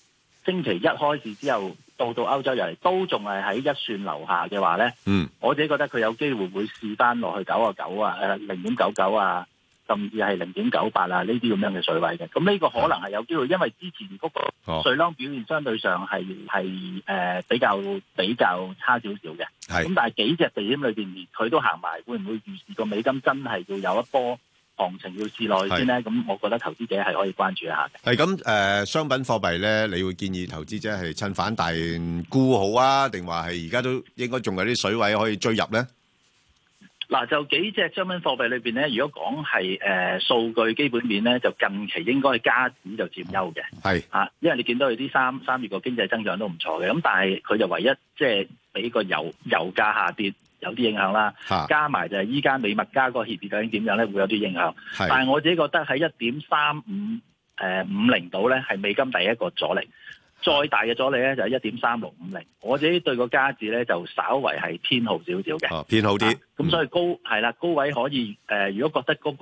星期一開始之後到到歐洲入嚟，都仲係喺一算樓下嘅話咧、嗯，我自己覺得佢有機會會試翻落去九啊九啊，零點九九啊。甚至係零點九八啊，呢啲咁樣嘅水位嘅，咁呢個可能係有機會，因為之前嗰個瑞朗表現相對上係係誒比較比較差少少嘅，咁但係幾隻地點裏邊佢都行埋，會唔會預示個美金真係要有一波行情要試耐先咧？咁我覺得投資者係可以關注一下嘅。係咁誒，商品貨幣咧，你會建議投資者係趁反大沽好啊，定話係而家都應該仲有啲水位可以追入咧？嗱，就幾隻商品貨幣裏面咧，如果講係誒數據基本面咧，就近期應該係加紙就佔優嘅。係啊，因為你見到佢啲三三月個經濟增長都唔錯嘅，咁但係佢就唯一即係俾個油油價下跌有啲影響啦。加埋就係依家美墨加個協議究竟點樣咧，會有啲影響。但係我自己覺得喺一點三五誒五零度咧，係美金第一個阻力。再大嘅阻力咧就係一點三六五零，我自己對個加字咧就稍為係偏好少少嘅，偏好啲。咁、啊、所以高係啦、嗯，高位可以誒、呃，如果覺得嗰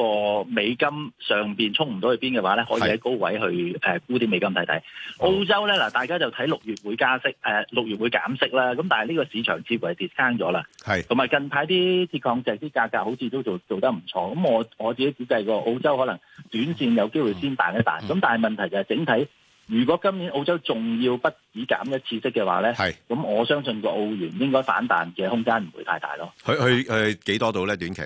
個美金上面衝唔到去邊嘅話咧，可以喺高位去誒沽啲美金睇睇、嗯。澳洲咧嗱，大家就睇六月會加息，誒、呃、六月會減息啦。咁但係呢個市場似乎係跌生咗啦，係。同埋近排啲鐵礦石啲價格好似都做做得唔錯。咁我我自己估計過澳洲可能短線有機會先彈一彈。咁、嗯、但係問題就係整體。如果今年澳洲仲要不止減一次息嘅話呢，係咁我相信個澳元應該反彈嘅空間唔會太大咯。去去去幾多度呢？短期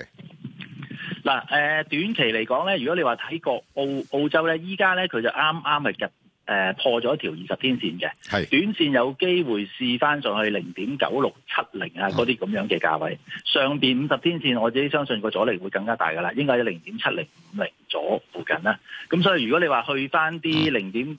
嗱、呃、短期嚟講呢，如果你話睇個澳澳洲呢，依家呢，佢就啱啱係入呃破咗條二十天線嘅，短線有機會試翻上去零點九六七零啊嗰啲咁樣嘅價位。嗯、上邊五十天線，我自己相信個阻力會更加大噶啦，應該喺零點七零五零左附近啦。咁所以如果你話去翻啲零點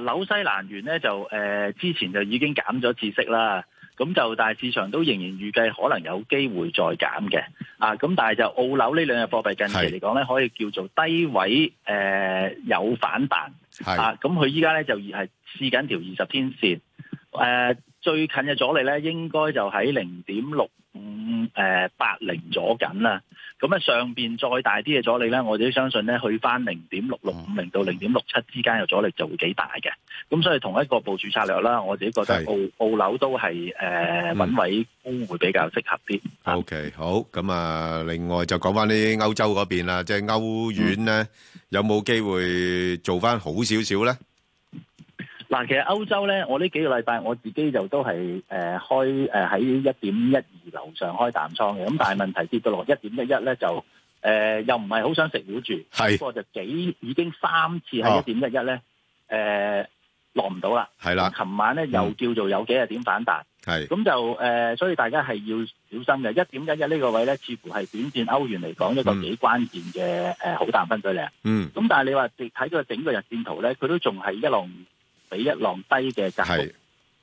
嗱，紐西蘭元咧就誒、呃、之前就已經減咗孳息啦，咁就但係市場都仍然預計可能有機會再減嘅，啊，咁但係就澳紐呢兩隻貨幣近期嚟講咧，可以叫做低位誒、呃、有反彈，啊，咁佢依家咧就係試緊條二十天線，誒、呃。最近嘅阻力咧，應該就喺零點六五誒八零阻緊啦。咁啊，上邊再大啲嘅阻力咧，我哋都相信咧，去翻零點六六五零到零點六七之間嘅阻力就會幾大嘅。咁所以同一個部署策略啦，我自己覺得澳澳樓都係誒搵位會比較適合啲。O K，好。咁啊，另外就講翻啲歐洲嗰邊啦，即係歐元咧有冇機會做翻好少少咧？嗱，其實歐洲咧，我呢幾個禮拜我自己就都係誒、呃、開誒喺一點一二樓上開淡倉嘅，咁但係問題跌到落一點一一咧，就誒、呃、又唔係好想食糊住，不過就幾已經三次喺一點一一咧，落唔到啦。係啦，琴晚咧又叫做有幾十點反彈，咁、嗯、就誒、呃，所以大家係要小心嘅。一點一一呢個位咧，似乎係短線歐元嚟講一個幾關鍵嘅誒好淡分水嶺。嗯，咁但係你話直睇到整個日線圖咧，佢都仲係一路，俾一浪低嘅格局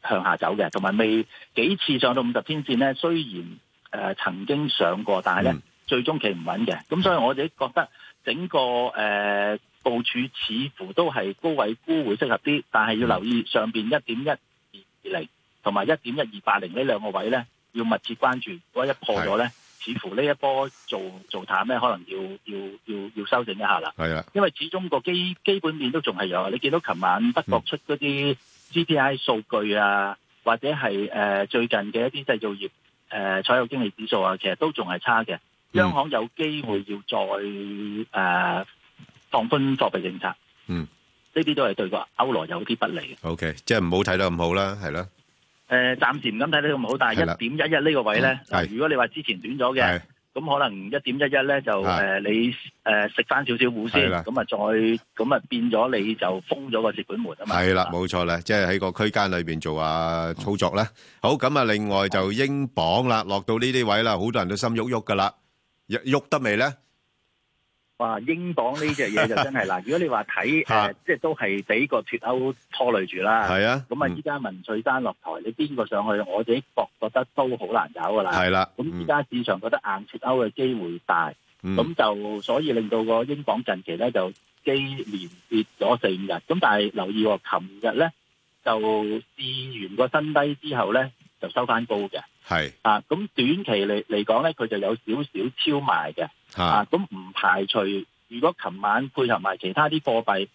向下走嘅，同埋未幾次上到五十天線咧，雖然誒、呃、曾經上過，但係咧、嗯、最終企唔穩嘅。咁所以我自己覺得整個誒部署似乎都係高位沽會適合啲，但係要留意上邊一點一二二零同埋一點一二八零呢兩個位咧，要密切關注。如果一破咗咧，似乎呢一波做做淡咧，可能要要要要修正一下啦。係啊，因為始終個基基本面都仲係有。你見到琴晚德國出嗰啲 GDP 數據啊，或者係誒最近嘅一啲製造業誒採購經理指數啊，其實都仲係差嘅。央行有機會要再誒放寬貨幣政策。嗯，呢啲都係對個歐羅有啲不利嘅。OK，即係唔好睇到咁好啦，係啦。誒，暫時唔敢睇得咁好，但係一點一一呢個位咧，如果你話之前短咗嘅，咁可能一點一一咧就誒，你誒食翻少少股先，咁啊再，咁啊變咗你就封咗個蝕本門啊嘛，係啦，冇錯啦，即係喺個區間裏邊做下操作咧。好，咁啊另外就英鎊啦，落到呢啲位啦，好多人都心喐喐噶啦，喐得未咧？哇！英鎊呢隻嘢就真係嗱， 如果你話睇誒，即係都係俾個脫歐拖累住啦。係啊，咁啊，依家文翠山落台，你邊個上去？我自己覺覺得都好難搞噶啦。係啦，啊，咁依家市場覺得硬脫歐嘅機會大，咁、嗯、就所以令到個英鎊近期咧就幾連跌咗四五日。咁但係留意喎，哦，琴日咧就試完個新低之後咧。就收翻高嘅，係啊，咁短期嚟嚟講咧，佢就有少少超賣嘅，啊，咁唔排除如果琴晚配合埋其他啲貨幣，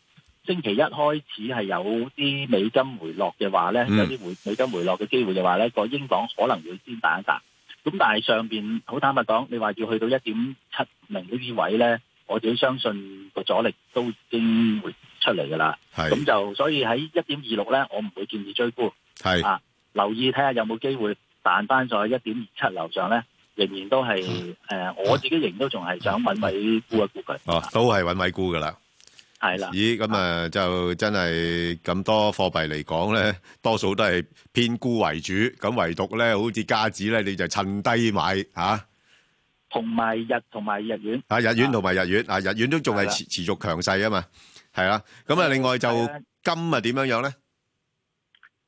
星期一開始係有啲美金回落嘅話咧，有啲回美金回落嘅機會嘅話咧，個英鎊可能會先彈一彈。咁但係上邊好坦白講，你話要去到一點七零呢啲位咧，我哋都相信個阻力都已經會出嚟噶啦。係咁就所以喺一點二六咧，我唔會建議追沽。係啊。留意睇下有冇機會彈翻喺一點二七樓上咧，仍然都係誒，我自己仍都仲係想搵位沽一沽佢。哦，都係搵位沽噶啦。係啦。咦，咁啊就真係咁多貨幣嚟講咧，多數都係偏沽為主。咁唯獨咧，好似加紙咧，你就趁低買吓。同埋日，同埋日元。啊，日元同埋日元啊，日元都仲係持持續強勢啊嘛。係啦。咁啊，另外就金啊，點樣樣咧？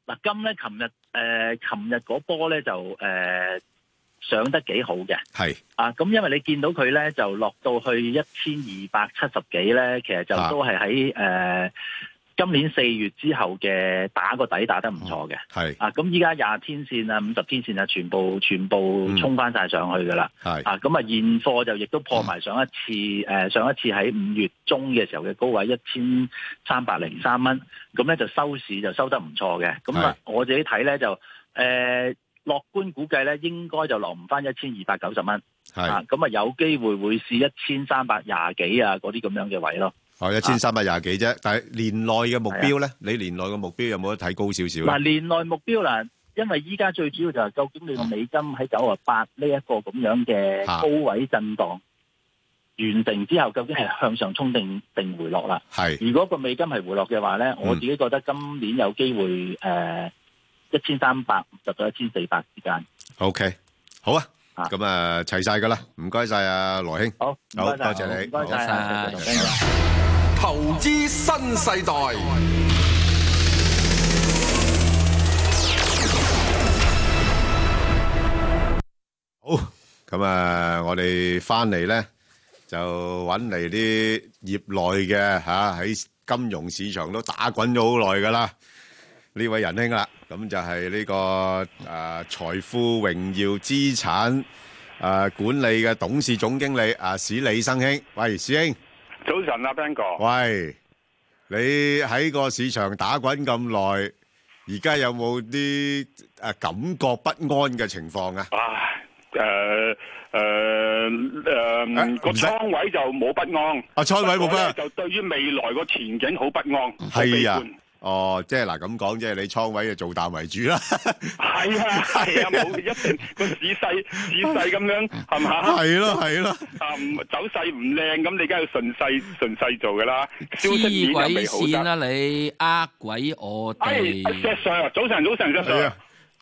嗱，今咧，琴日，誒，琴日嗰波咧就誒上得幾好嘅，係啊，咁因為你見到佢咧就落到去一千二百七十幾咧，其實就都係喺誒。今年四月之後嘅打個底打得唔錯嘅，哦，啊，咁依家廿天線啊、五十天線啊，全部全部衝翻晒上去噶啦，嗯，啊，咁啊現貨就亦都破埋上一次，嗯呃、上一次喺五月中嘅時候嘅高位一千三百零三蚊，咁咧就收市就收得唔錯嘅，咁啊我自己睇咧就誒、呃、樂觀估計咧應該就落唔翻一千二百九十蚊，啊，咁啊有機會會試一千三百廿幾啊嗰啲咁樣嘅位咯。係一千三百廿幾啫，但係年內嘅目標咧，你年內嘅目標有冇得睇高少少咧？嗱，年內目標嗱，因為依家最主要就係究竟你個美金喺九啊八呢一個咁樣嘅高位震盪完成之後，究竟係向上衝定定回落啦？係。如果個美金係回落嘅話咧，我自己覺得今年有機會誒一千三百五十到一千四百之間。O K，好啊，咁啊齊晒噶啦，唔該晒阿羅兄，好，好多謝你，唔該晒。投資新世代。好咁啊！我哋翻嚟咧，就揾嚟啲業內嘅，吓，喺金融市場都打滾咗好耐噶啦。呢位仁兄啦，咁就係呢個誒財富榮耀資產誒管理嘅董事總經理啊史李生兄，喂，師兄。早晨啊，Ben 哥，喂，你喺個市場打滾咁耐，而家有冇啲誒感覺不安嘅情況啊？啊，誒誒誒，個倉位就冇不安，啊倉位冇不安，就對於未來個前景好不安，係啊。哦，即係嗱咁講，即係你倉位就做淡為主啦。係啊係啊，冇、啊啊啊、一定個仔細仔細咁樣，係嘛？係咯係咯，啊，嗯、啊，啊，走勢唔靚咁，你梗家要順勢順勢做噶啦。黐鬼線啦你，呃鬼我哋。阿石 s 早晨早晨石 s i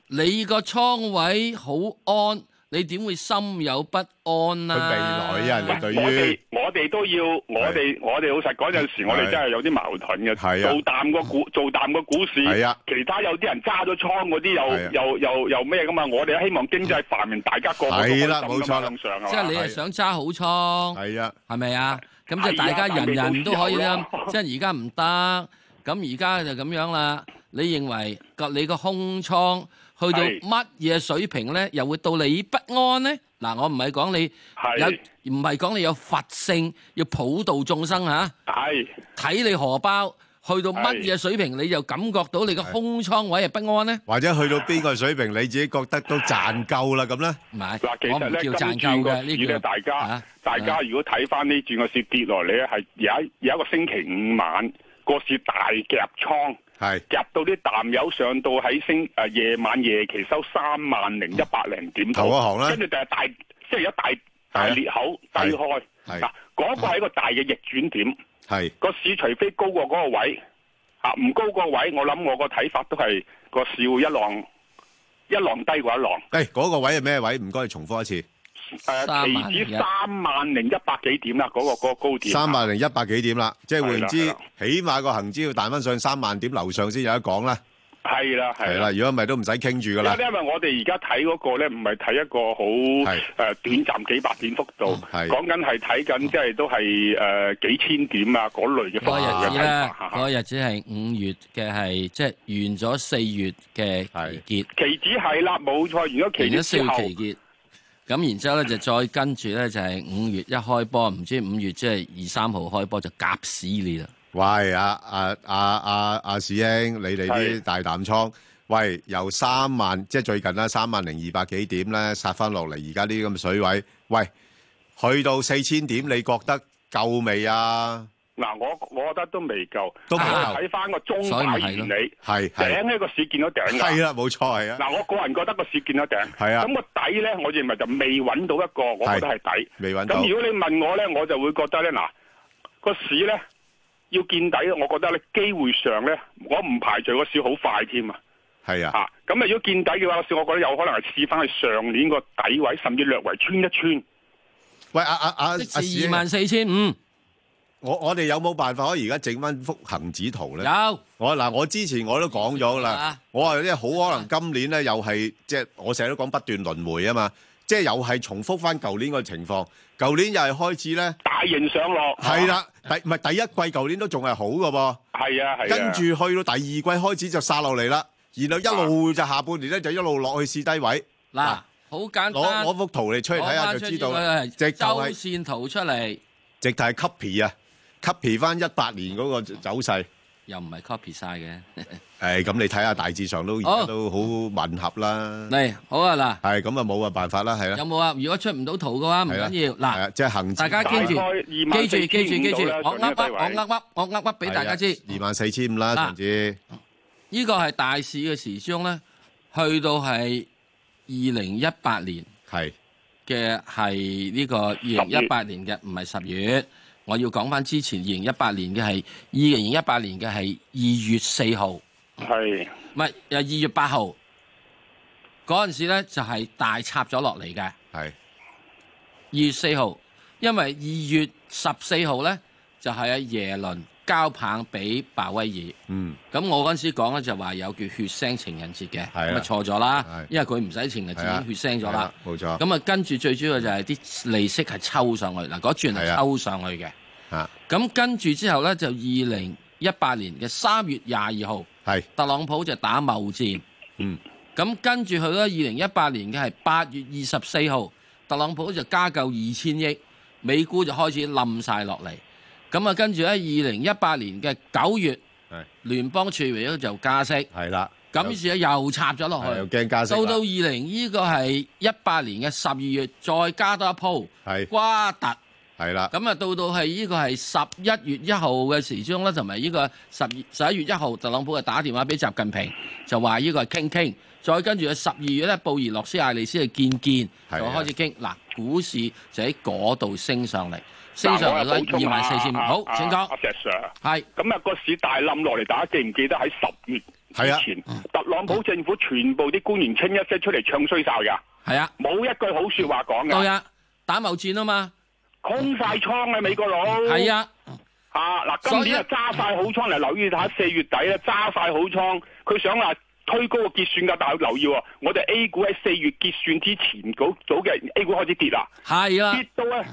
你個倉位好安。你點會心有不安啦、啊，未來啊？我哋我哋都要，我哋我哋老實講，有時我哋真係有啲矛盾嘅。做淡個股，做淡個股市。其他有啲人揸咗倉嗰啲又又又又咩噶嘛？我哋希望經濟繁榮，大家過。係啦，冇錯咁上。即係你係想揸好倉。係啊，係咪啊？咁即係大家人人都可以啊！即係而家唔得，咁而家就咁、是、 樣啦。你認為及你個空倉去到乜嘢水平咧，又會到你不安咧？嗱，我唔係講你有，唔係講你有佛性要普度眾生吓，係睇你荷包去到乜嘢水平，你就感覺到你個空倉位係不安咧？或者去到邊個水平，你自己覺得都賺夠啦咁咧？唔係，嗱，其實咧，賺夠嘅呢個大家，大家如果睇翻呢轉個市跌落嚟，係有有一個星期五晚個市大夾倉。係夾到啲淡友上到喺升，誒、呃、夜晚夜期收三萬零一百零點，頭、嗯、一行咧，跟住就係大，即係有大大裂口低開，嗱，嗰、啊那個係一個大嘅逆轉點，係個市除非高過嗰個位，吓唔高個位，我諗我個睇法都係個市會一浪，一浪低過一浪，誒、欸、嗰、那個位係咩位？唔該，你重複一次。誒，期指三萬零一百幾點啦？嗰個嗰個高點。三萬零一百幾點啦？即係換言之，起碼個恒指要彈翻上三萬點樓上先有得講啦。係啦，係啦，如果唔係都唔使傾住噶啦。因為我哋而家睇嗰個咧，唔係睇一個好誒短暫幾百點幅度，係講緊係睇緊，即係都係誒幾千點啊嗰類嘅。嗰日嘅睇法，嗰日只係五月嘅係，即係完咗四月嘅期結。期指係啦，冇錯。如果四月期結之後。咁然之後咧就再跟住咧就係五月一開波，唔知五月即係二三號開波就夾死你啦！喂啊啊啊啊啊！啊啊啊師兄，兄，你哋啲大膽倉，喂由三萬即係最近啦，三萬零二百幾點咧殺翻落嚟，而家啲咁水位，喂去到四千點，你覺得夠未啊？嗱，我我覺得都未夠，都睇翻個中大原理，係係頂呢個市見到頂係啦，冇錯係啊。嗱，我個人覺得個市見到頂係啊，咁個底咧，我認為就未揾到一個，我覺得係底，未揾到。咁如果你問我咧，我就會覺得咧，嗱個市咧要見底，我覺得咧機會上咧，我唔排除個市好快添啊。係啊，嚇咁啊！如果見底嘅話，個市我覺得有可能係試翻去上年個底位，甚至略為穿一穿。喂，阿阿阿阿，二萬四千五。啊我我哋有冇辦法可以而家整翻幅恆指圖咧？有我嗱，我之前我都講咗噶啦，我話即係好可能今年咧又係即係我成日都講不斷輪迴啊嘛，即係又係重複翻舊年個情況，舊年又係開始咧，大型上落係啦，第唔係第一季舊年都仲係好噶噃，係啊，係啊，跟住去到第二季開始就殺落嚟啦，然後一路就下半年咧就一路落去試低位。嗱，好簡單攞攞幅圖嚟出嚟睇下就知道，直頭係線圖出嚟，直頭係 copy 啊！copy 翻一八年嗰個走勢，又唔係 copy 曬嘅。誒，咁你睇下大致上都而家都好吻合啦。嚟好啊嗱，係咁啊冇個辦法啦，係啦。有冇啊？如果出唔到圖嘅話，唔緊要。嗱，即係恆指大概二萬四千五度啦嘅範圍。記住記住記住，我噏噏我噏噏我噏噏俾大家知。二萬四千五啦，上次。依個係大市嘅時鐘咧，去到係二零一八年係嘅係呢個二零一八年嘅，唔係十月。我要講翻之前二零一八年嘅係二零一八年嘅係二月四號係唔係？誒，二月八號嗰陣時咧就係大插咗落嚟嘅，係二月四號，因為二月十四號咧就係阿耶倫。交棒俾鮑威爾，咁、嗯、我嗰陣時講咧就話有叫血腥情人節嘅，咁啊錯咗啦，因為佢唔使情人節，已經血腥咗啦，冇錯。咁啊跟住最主要就係啲利息係抽上去，嗱嗰轉係抽上去嘅，咁跟住之後咧就二零一八年嘅三月廿二號，特朗普就打貿戰，咁、嗯、跟住佢咧二零一八年嘅係八月二十四號，特朗普就加夠二千億，美股就開始冧晒落嚟。咁啊，跟住咧，二零一八年嘅九月，聯邦儲備呢個就加息，係啦。咁於是又插咗落去，又驚加息。到到二零呢個係一八年嘅十二月，再加多一鋪，係瓜特。係啦。咁啊，到到係呢個係十一月一號嘅時鐘咧，同埋呢個十十一月一號，特朗普就打電話俾習近平，就話呢個係傾傾。再跟住啊，十二月咧，布宜諾斯艾利斯係見見，就開始傾。嗱，股市就喺嗰度升上嚟。正常可二萬四千。好，請講。阿、啊啊啊、石 Sir 係咁啊！個市大冧落嚟，大家記唔記得喺十月之前、啊啊，特朗普政府全部啲官員清一色出嚟唱衰晒噶。係啊，冇一句好說話講嘅。當日、啊、打貿易戰啊嘛，空晒倉啊，美國佬。係啊，啊嗱，今年啊揸晒好倉嚟留意下，四月底咧揸晒好倉，佢想話推高個結算噶，但係留意、哦，我哋 A 股喺四月結算之前早嘅 A 股開始跌啦。係啊，跌到咧。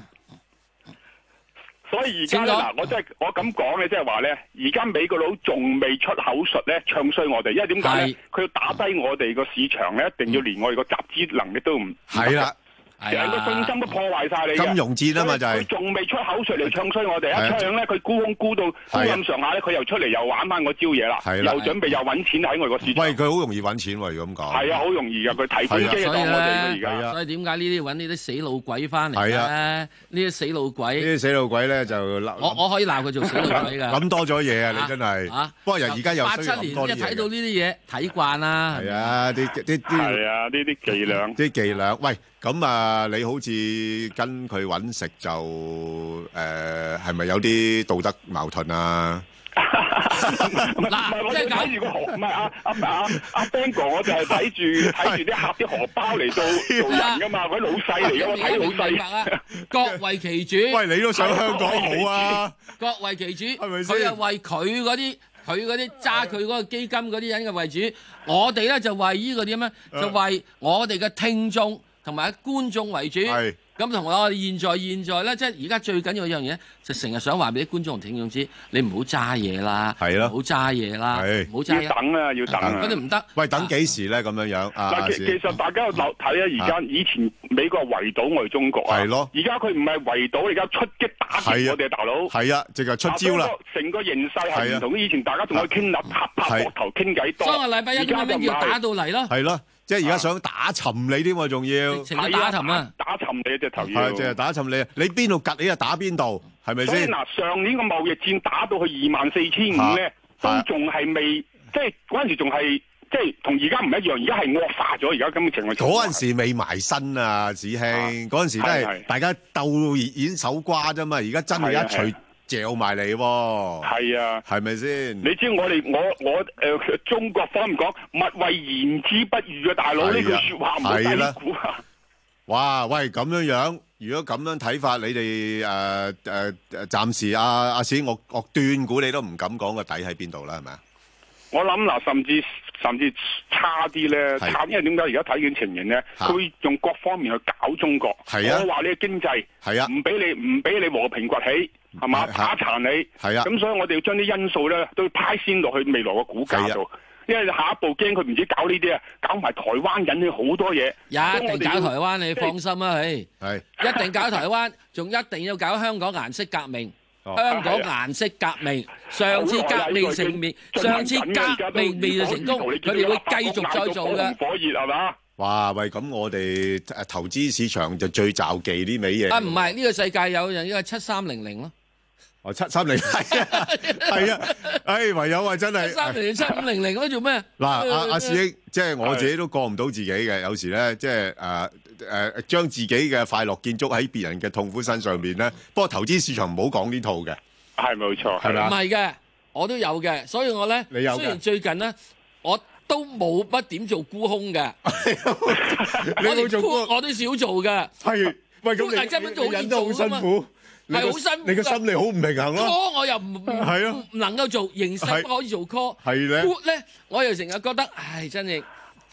所以而家咧，嗱，我即係我咁講咧，即係話咧，而家美國佬仲未出口術咧，唱衰我哋，因為點解咧？佢要打低我哋個市場咧，一定要連我哋個集資能力都唔係啦。嗯成個信心都破壞曬你。金融戰啊嘛就係。佢仲未出口出嚟唱衰我哋啊，一唱咧佢沽空沽到冇咁上下咧，佢又出嚟又玩翻個招嘢啦，又準備又揾錢喺外個市場。喂，佢好容易揾錢喎，要咁講。係啊，好容易噶，佢提款機嚟攞我哋嘅而家。所以點解呢啲揾呢啲死老鬼翻嚟咧？呢啲死老鬼。呢啲死老鬼咧就鬧。我我可以鬧佢做死老鬼㗎。諗多咗嘢啊！你真係。嚇！不過人而家又衰諗多嘢。八七年一睇到呢啲嘢睇慣啦。係啊！啲啲啲。係啊！呢啲伎倆。啲伎倆，喂。咁啊！你好似跟佢揾食就，誒，係咪有啲道德矛盾啊？唔係唔係，我就睇住個荷唔係啊啊啊啊 Bang 哥，我就係睇住睇住啲客啲荷包嚟到做人噶嘛，位老細嚟噶，我睇老細伯啊，各為其主。喂，你都想香港好啊？各為其主，佢係為佢嗰啲佢嗰啲揸佢嗰個基金嗰啲人嘅為主，我哋咧就為呢個啲咩？就為我哋嘅聽眾。同埋觀眾為主，咁同我現在現在咧，即係而家最緊要一樣嘢，就成、是、日想話俾啲觀眾同聽眾知，你唔好揸嘢啦，係啦，唔好揸嘢啦，係要等啊，要等、啊，嗰啲唔得，喂，等幾時咧？咁樣樣啊，啊，啊其，其實大家要留睇啊，而家以前美國圍堵我哋中國係咯，而家佢唔係圍堵，而家出擊打擊我哋大佬，係啊，即係出招啦，成個形勢係唔同以前，大家仲有傾立，拍膊頭傾偈多，當個禮拜一咁樣叫打到嚟咯，即係而家想打沉你添喎，仲、啊、要打沉啊打！打沉你隻頭，係即係打沉你。你邊度㗎？你又打邊度？係咪先？嗱，上年個貿易戰打到去二萬四千五咧，都仲係未，即係嗰陣時仲係，即係同而家唔一樣。而家係惡化咗，而家咁嘅情況。嗰陣時未埋身啊，子興。嗰陣、啊、時都係大家鬥演手瓜啫嘛。而家真係一除。叫埋你喎，係啊，係咪先？你知我哋我我誒，中國方面講勿謂言之不預嘅大佬呢句說話冇底股啊！哇，喂，咁樣樣，如果咁樣睇法，你哋誒誒，暫時阿阿 Sir，我我斷估你都唔敢講個底喺邊度啦，係咪啊？我諗嗱，甚至甚至差啲咧，差，因為點解而家睇見情形咧？佢用各方面去搞中國，我話你嘅經濟係啊，唔俾你唔俾你和平崛起。係嘛，打殘你，係啊，咁所以我哋要將啲因素咧，都要派先落去未來嘅估計度，因為下一步驚佢唔知搞呢啲啊，搞埋台灣引起好多嘢，一定搞台灣，你放心啦，嘿，係，一定搞台灣，仲一定要搞香港顏色革命，香港顏色革命，上次革命成滅，上次革命未就成功，佢哋會繼續再做噶，火熱係嘛？哇喂，咁我哋誒投資市場就最就忌啲味嘢。啊，唔係呢個世界有人，呢個七三零零咯。哦，七三零係啊，係啊，誒、哎，唯有啊，真係三零,零七五零零咧，做咩？嗱，阿阿師兄，即係、啊啊就是、我自己都過唔到自己嘅，有時咧，即係誒誒，將、呃呃、自己嘅快樂建築喺別人嘅痛苦身上面咧。不過投資市場唔好講呢套嘅，係冇錯，係啦，唔係嘅，我都有嘅，所以我咧，你有嘅，雖然最近咧，我都冇乜點做沽空嘅， 我都做，我都少做嘅，係，喂咁，真係真係忍得好辛苦。係好新，你嘅心理好唔平衡咯。call 我又唔係啊，唔能夠做，認新可以做 call，係咧。put 咧，我又成日覺得，唉，真係，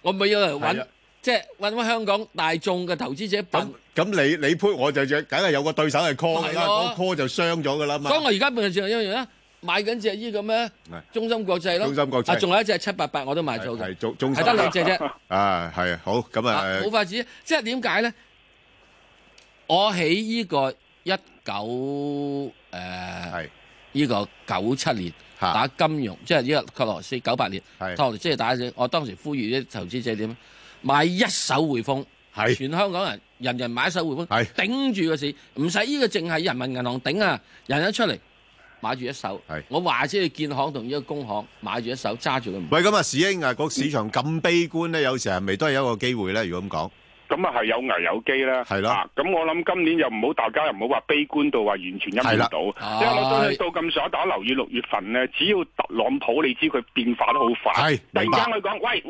我咪要嚟搵，即係搵翻香港大眾嘅投資者。咁咁，你你 put 我就只，梗係有個對手係 call 嘅啦，call 就傷咗噶啦嘛。所以我而家變咗做咗一樣啦，買緊隻依個咩？中心國際咯，中心國際，仲有一隻七八八，我都買咗嘅。係中中心，係得你只只啊，係啊，好咁啊，冇法子，即係點解咧？我喺依個一。九誒，依、呃這個九七年打金融，即係呢個克羅斯九八年，即係打住。我當時呼籲啲投資者點買一手匯豐，全香港人人人買一手匯豐，頂住個市，唔使呢個淨係人民銀行頂啊！人，人出一出嚟買住一手，我話之要建行同呢個工行買住一手，揸住佢。唔喂，咁啊，石兄啊，個市場咁悲觀咧，有時係咪都係有一個機會咧？如果咁講？咁啊係有危有機啦，係啦。咁、啊、我諗今年又唔好，大家又唔好話悲觀到話完全陰到。因為我到咁上下打留意六月份咧，只要特朗普你知佢變化都好快，突然間佢講：喂！